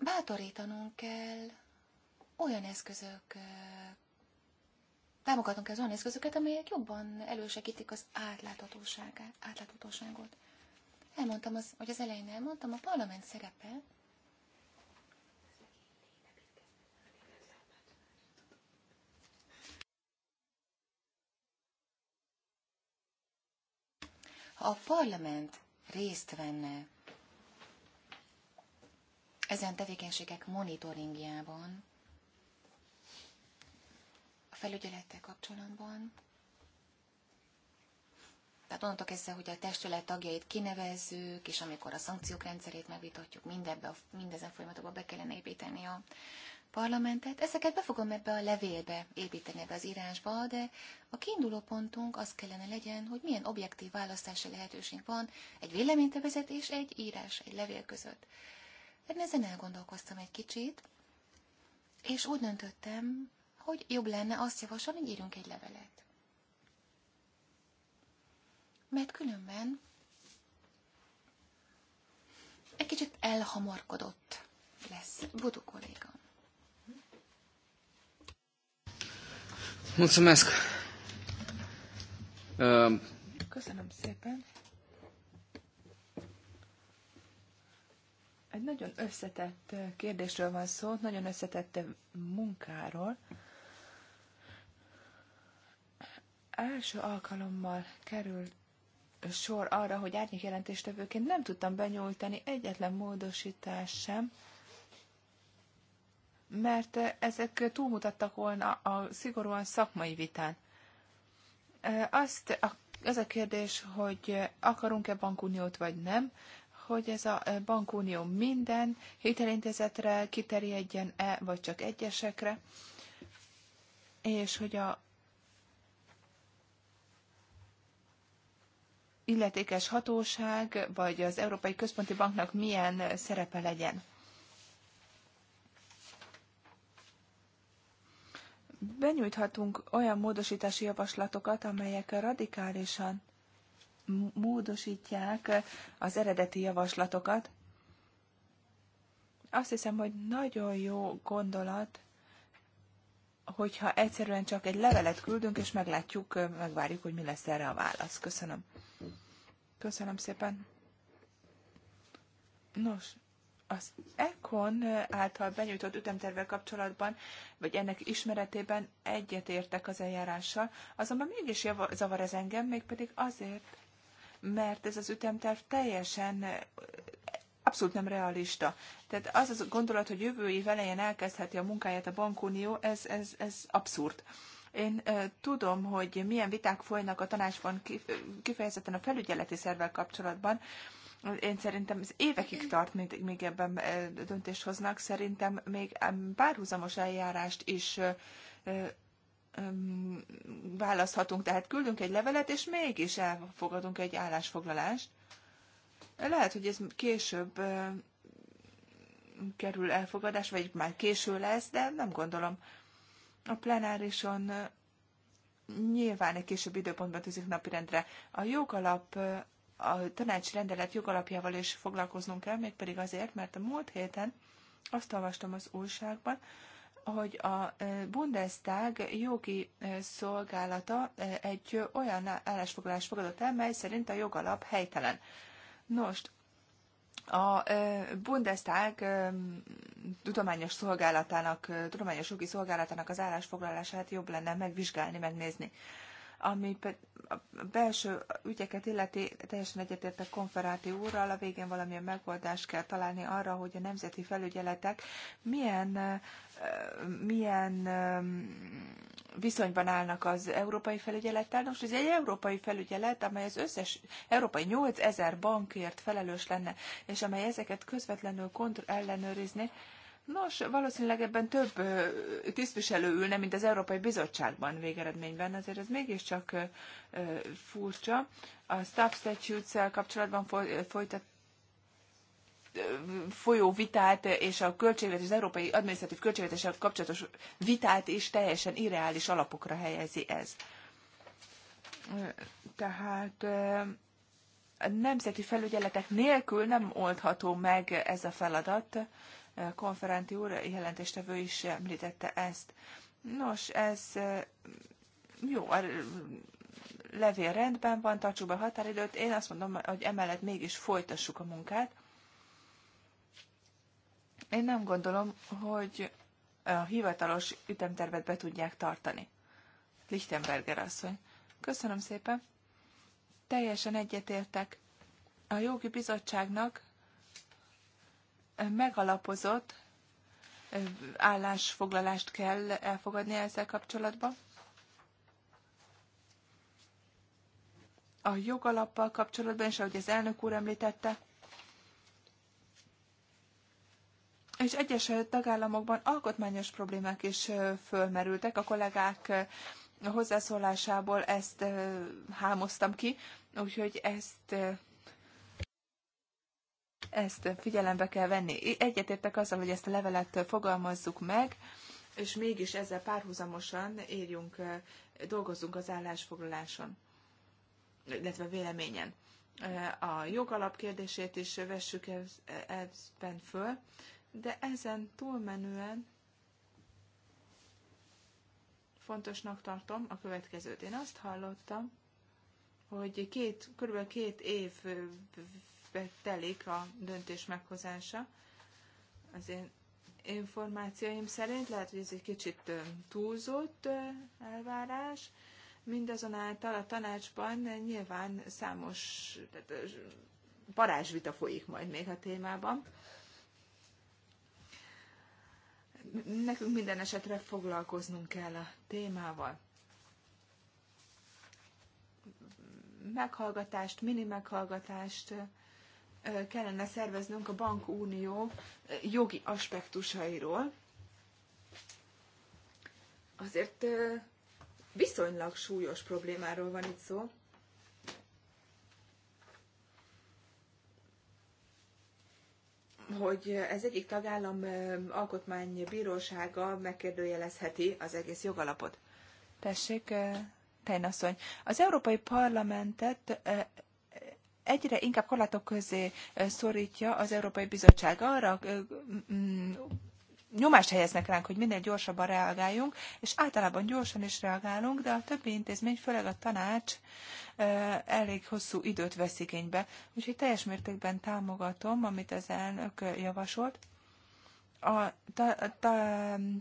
Bátorítanunk kell olyan eszközök támogatunk ez az olyan eszközöket, amelyek jobban elősegítik az átláthatóságát, átláthatóságot. Elmondtam, az, hogy az elején elmondtam, a parlament szerepe Ha a parlament részt venne ezen tevékenységek monitoringjában, felügyelettel kapcsolatban. Tehát onnantól kezdve, hogy a testület tagjait kinevezzük, és amikor a szankciók rendszerét megvitatjuk, mindebbe, a, mindezen folyamatokba be kellene építeni a parlamentet. Ezeket be fogom ebbe a levélbe építeni, ebbe az írásba, de a kiinduló pontunk az kellene legyen, hogy milyen objektív választási lehetőség van egy véleménytevezet és egy írás, egy levél között. Én ezen elgondolkoztam egy kicsit, és úgy döntöttem, hogy jobb lenne azt javasolni, hogy írjunk egy levelet. Mert különben egy kicsit elhamarkodott lesz Budu kolléga. Mulțumesc! Ehm, Köszönöm szépen! Egy nagyon összetett kérdésről van szó, nagyon összetett munkáról első alkalommal kerül sor arra, hogy árnyék jelentéstevőként nem tudtam benyújtani egyetlen módosítás sem, mert ezek túlmutattak volna a szigorúan szakmai vitán. Azt a, az a kérdés, hogy akarunk-e bankuniót vagy nem, hogy ez a bankunió minden hitelintézetre kiterjedjen-e, vagy csak egyesekre, és hogy a illetékes hatóság, vagy az Európai Központi Banknak milyen szerepe legyen. Benyújthatunk olyan módosítási javaslatokat, amelyek radikálisan módosítják az eredeti javaslatokat. Azt hiszem, hogy nagyon jó gondolat hogyha egyszerűen csak egy levelet küldünk, és meglátjuk, megvárjuk, hogy mi lesz erre a válasz. Köszönöm. Köszönöm szépen. Nos, az ECON által benyújtott ütemtervel kapcsolatban, vagy ennek ismeretében egyetértek az eljárással, azonban mégis zavar ez engem, mégpedig azért, mert ez az ütemterv teljesen abszolút nem realista. Tehát az az gondolat, hogy jövő év elején elkezdheti a munkáját a bankunió, ez, ez, ez abszurd. Én tudom, hogy milyen viták folynak a tanácsban kifejezetten a felügyeleti szervvel kapcsolatban. Én szerintem ez évekig tart, még, még ebben döntést hoznak. Szerintem még párhuzamos eljárást is választhatunk. Tehát küldünk egy levelet, és mégis elfogadunk egy állásfoglalást. Lehet, hogy ez később kerül elfogadás, vagy már késő lesz, de nem gondolom. A plenárison nyilván egy később időpontban tűzik napirendre. A jogalap, a tanácsi rendelet jogalapjával is foglalkoznunk kell, mégpedig azért, mert a múlt héten azt olvastam az újságban, hogy a Bundestag jogi szolgálata egy olyan állásfoglalást fogadott el, mely szerint a jogalap helytelen. Nos, a Bundestag tudományos szolgálatának, tudományos jogi szolgálatának az állásfoglalását jobb lenne megvizsgálni, megnézni. Ami a belső ügyeket illeti, teljesen egyetértek konferáti úrral, a végén valamilyen megoldást kell találni arra, hogy a nemzeti felügyeletek milyen milyen viszonyban állnak az európai felügyelettel. Most ez egy európai felügyelet, amely az összes európai 8000 bankért felelős lenne, és amely ezeket közvetlenül kontro- ellenőrizni. Nos, valószínűleg ebben több tisztviselő ülne, mint az Európai Bizottságban végeredményben, azért ez mégiscsak furcsa. A staff statutes kapcsolatban folytat, folyó vitát és a költségvetés, az európai adminisztratív költségvetéssel kapcsolatos vitát is teljesen irreális alapokra helyezi ez. Tehát a eh, nemzeti felügyeletek nélkül nem oldható meg ez a feladat. Eh, Konferenti úr, jelentéstevő is említette ezt. Nos, ez eh, jó, a levél rendben van, tartsuk be határidőt. Én azt mondom, hogy emellett mégis folytassuk a munkát. Én nem gondolom, hogy a hivatalos ütemtervet be tudják tartani. Lichtenberger asszony. Köszönöm szépen. Teljesen egyetértek. A jogi bizottságnak megalapozott állásfoglalást kell elfogadnia ezzel kapcsolatban. A jogalappal kapcsolatban, és ahogy az elnök úr említette, és egyes tagállamokban alkotmányos problémák is fölmerültek. A kollégák hozzászólásából ezt hámoztam ki, úgyhogy ezt ezt figyelembe kell venni. Egyetértek azzal, hogy ezt a levelet fogalmazzuk meg, és mégis ezzel párhuzamosan érjünk, dolgozzunk az állásfoglaláson, illetve véleményen. A jogalap kérdését is vessük ebben e-, föl, de ezen túlmenően fontosnak tartom a következőt. Én azt hallottam, hogy két, kb. két év telik a döntés meghozása. Az én információim szerint lehet, hogy ez egy kicsit túlzott elvárás, mindazonáltal a tanácsban nyilván számos tehát, parázsvita folyik majd még a témában nekünk minden esetre foglalkoznunk kell a témával. Meghallgatást, mini meghallgatást kellene szerveznünk a bankunió jogi aspektusairól. Azért viszonylag súlyos problémáról van itt szó. hogy ez egyik tagállam alkotmánybírósága megkérdőjelezheti az egész jogalapot. Tessék, Tejnasszony, az Európai Parlamentet egyre inkább korlátok közé szorítja az Európai Bizottság. Arra nyomást helyeznek ránk, hogy minél gyorsabban reagáljunk, és általában gyorsan is reagálunk, de a többi intézmény, főleg a tanács elég hosszú időt vesz igénybe. Úgyhogy teljes mértékben támogatom, amit az elnök javasolt. A ta, ta,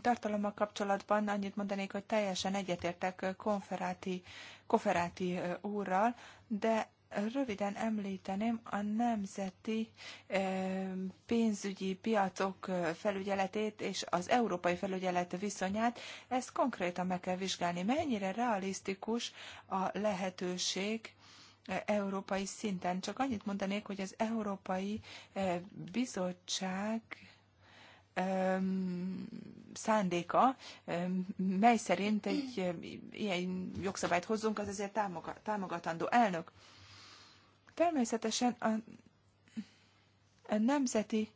tartalommal kapcsolatban annyit mondanék, hogy teljesen egyetértek konferáti, konferáti úrral, de Röviden említeném a nemzeti eh, pénzügyi piacok eh, felügyeletét és az európai felügyelet viszonyát. Ezt konkrétan meg kell vizsgálni. Mennyire realisztikus a lehetőség eh, európai szinten? Csak annyit mondanék, hogy az Európai Bizottság szándéka, mely szerint egy ilyen jogszabályt hozzunk, az azért támogatandó. Elnök, Természetesen a, a nemzeti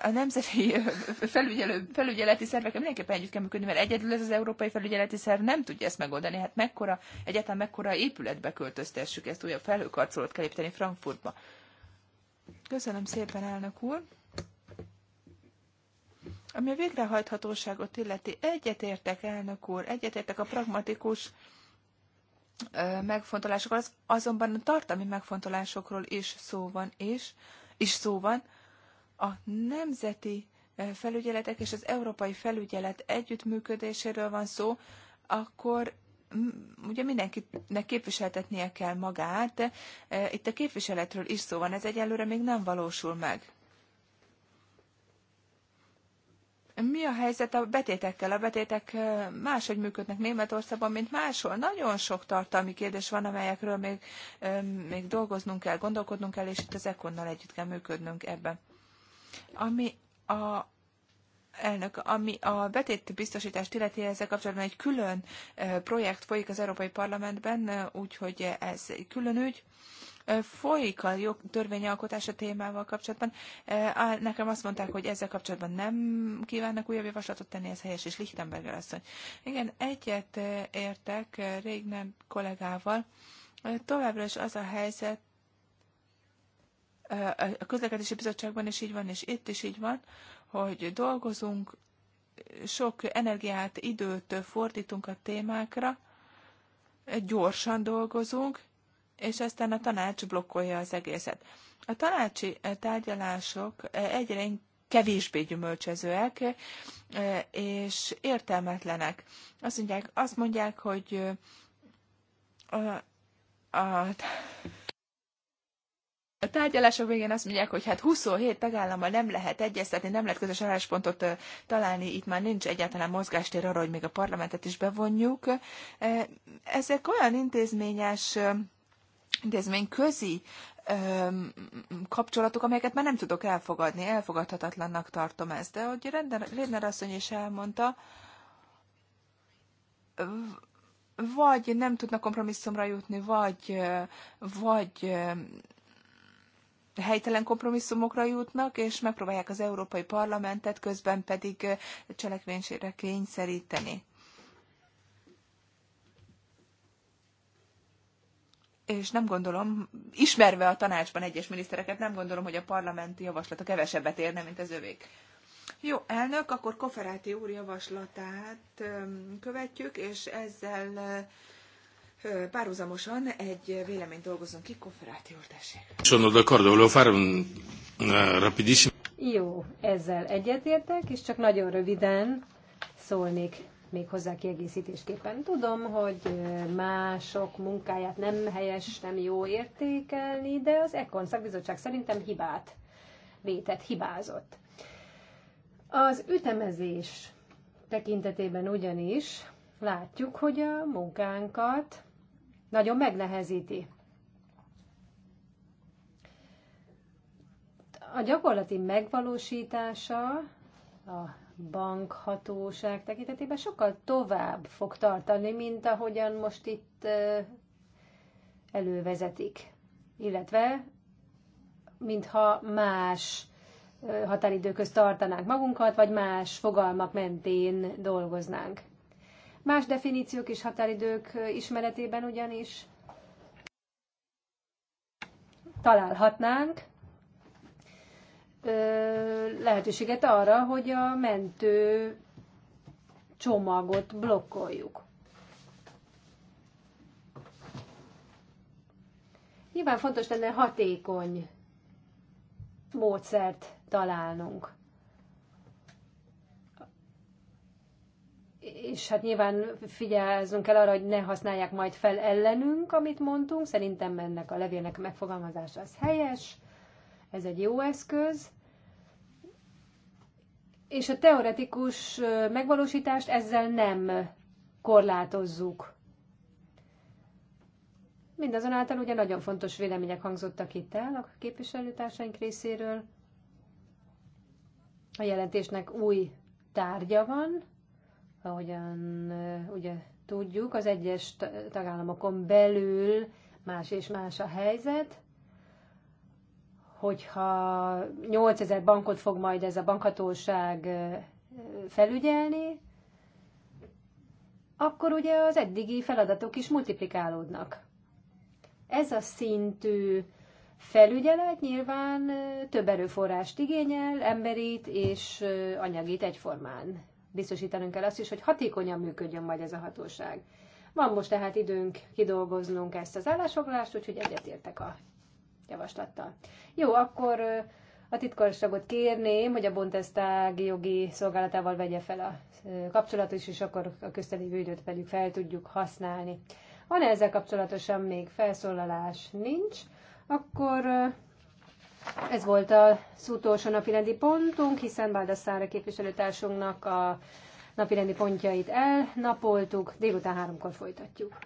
a nemzeti *laughs* felügyelő, felügyeleti szervek mindenképpen együtt kell működni, mert egyedül ez az európai felügyeleti szerv nem tudja ezt megoldani. Hát mekkora, egyáltalán mekkora épületbe költöztessük ezt, újabb felhőkarcolót kell építeni Frankfurtba. Köszönöm szépen, elnök úr. Ami a végrehajthatóságot illeti, egyetértek, elnök úr, egyetértek a pragmatikus megfontolásokról, azonban a tartalmi megfontolásokról is szó van, és is szó van. A nemzeti felügyeletek és az európai felügyelet együttműködéséről van szó, akkor ugye mindenkinek képviseltetnie kell magát, itt a képviseletről is szó van, ez egyelőre még nem valósul meg. mi a helyzet a betétekkel? A betétek máshogy működnek Németországban, mint máshol. Nagyon sok tartalmi kérdés van, amelyekről még, még dolgoznunk kell, gondolkodnunk kell, és itt az Ekonnal együtt kell működnünk ebben. Ami a elnök, ami a betét biztosítást illeti, ezzel kapcsolatban egy külön projekt folyik az Európai Parlamentben, úgyhogy ez egy külön ügy folyik a jog, törvényalkotás a témával kapcsolatban. Nekem azt mondták, hogy ezzel kapcsolatban nem kívánnak újabb javaslatot tenni, ez helyes, és Lichtenberger asszony. Igen, egyet értek Régner kollégával. Továbbra is az a helyzet, a közlekedési bizottságban is így van, és itt is így van, hogy dolgozunk, sok energiát, időt fordítunk a témákra, gyorsan dolgozunk, és aztán a tanács blokkolja az egészet. A tanácsi eh, tárgyalások eh, egyre kevésbé gyümölcsözőek, eh, és értelmetlenek. Azt mondják, azt mondják hogy a, a, a tárgyalások végén azt mondják, hogy hát 27 tagállammal nem lehet egyeztetni, nem lehet közös álláspontot találni, itt már nincs egyáltalán mozgástér arra, hogy még a parlamentet is bevonjuk. Ezek olyan intézményes intézmény közi kapcsolatok, amelyeket már nem tudok elfogadni, elfogadhatatlannak tartom ezt. De ahogy Rédner asszony is elmondta, vagy nem tudnak kompromisszumra jutni, vagy, vagy helytelen kompromisszumokra jutnak, és megpróbálják az Európai Parlamentet közben pedig cselekvénysére kényszeríteni. és nem gondolom, ismerve a tanácsban egyes minisztereket, nem gondolom, hogy a parlamenti javaslata kevesebbet érne, mint az övék. Jó, elnök, akkor Koferáti úr javaslatát követjük, és ezzel párhuzamosan egy véleményt dolgozunk ki. Koferáti úr, tessék. Jó, ezzel egyetértek, és csak nagyon röviden szólnék még hozzá kiegészítésképpen. Tudom, hogy mások munkáját nem helyes, nem jó értékelni, de az Ekon szakbizottság szerintem hibát vétett, hibázott. Az ütemezés tekintetében ugyanis látjuk, hogy a munkánkat nagyon megnehezíti. A gyakorlati megvalósítása a bankhatóság tekintetében sokkal tovább fog tartani, mint ahogyan most itt elővezetik. Illetve, mintha más határidőköz tartanánk magunkat, vagy más fogalmak mentén dolgoznánk. Más definíciók és határidők ismeretében ugyanis találhatnánk lehetőséget arra, hogy a mentő csomagot blokkoljuk. Nyilván fontos lenne hatékony módszert találnunk. És hát nyilván figyelzünk el arra, hogy ne használják majd fel ellenünk, amit mondtunk. Szerintem ennek a levélnek megfogalmazása az helyes ez egy jó eszköz, és a teoretikus megvalósítást ezzel nem korlátozzuk. Mindazonáltal ugye nagyon fontos vélemények hangzottak itt el a képviselőtársaink részéről. A jelentésnek új tárgya van, ahogyan ugye tudjuk, az egyes tagállamokon belül más és más a helyzet, hogyha 8000 bankot fog majd ez a bankhatóság felügyelni, akkor ugye az eddigi feladatok is multiplikálódnak. Ez a szintű felügyelet nyilván több erőforrást igényel, emberit és anyagit egyformán. Biztosítanunk kell azt is, hogy hatékonyan működjön majd ez a hatóság. Van most tehát időnk kidolgoznunk ezt az állásfoglalást, úgyhogy egyetértek a javaslattal. Jó, akkor a titkosságot kérném, hogy a Bontesztági jogi szolgálatával vegye fel a kapcsolatot, is, és akkor a köztelévő időt pedig fel tudjuk használni. Ha ne ezzel kapcsolatosan még felszólalás? Nincs. Akkor ez volt a utolsó napirendi pontunk, hiszen Báldaszára képviselőtársunknak a napirendi pontjait elnapoltuk, délután háromkor folytatjuk.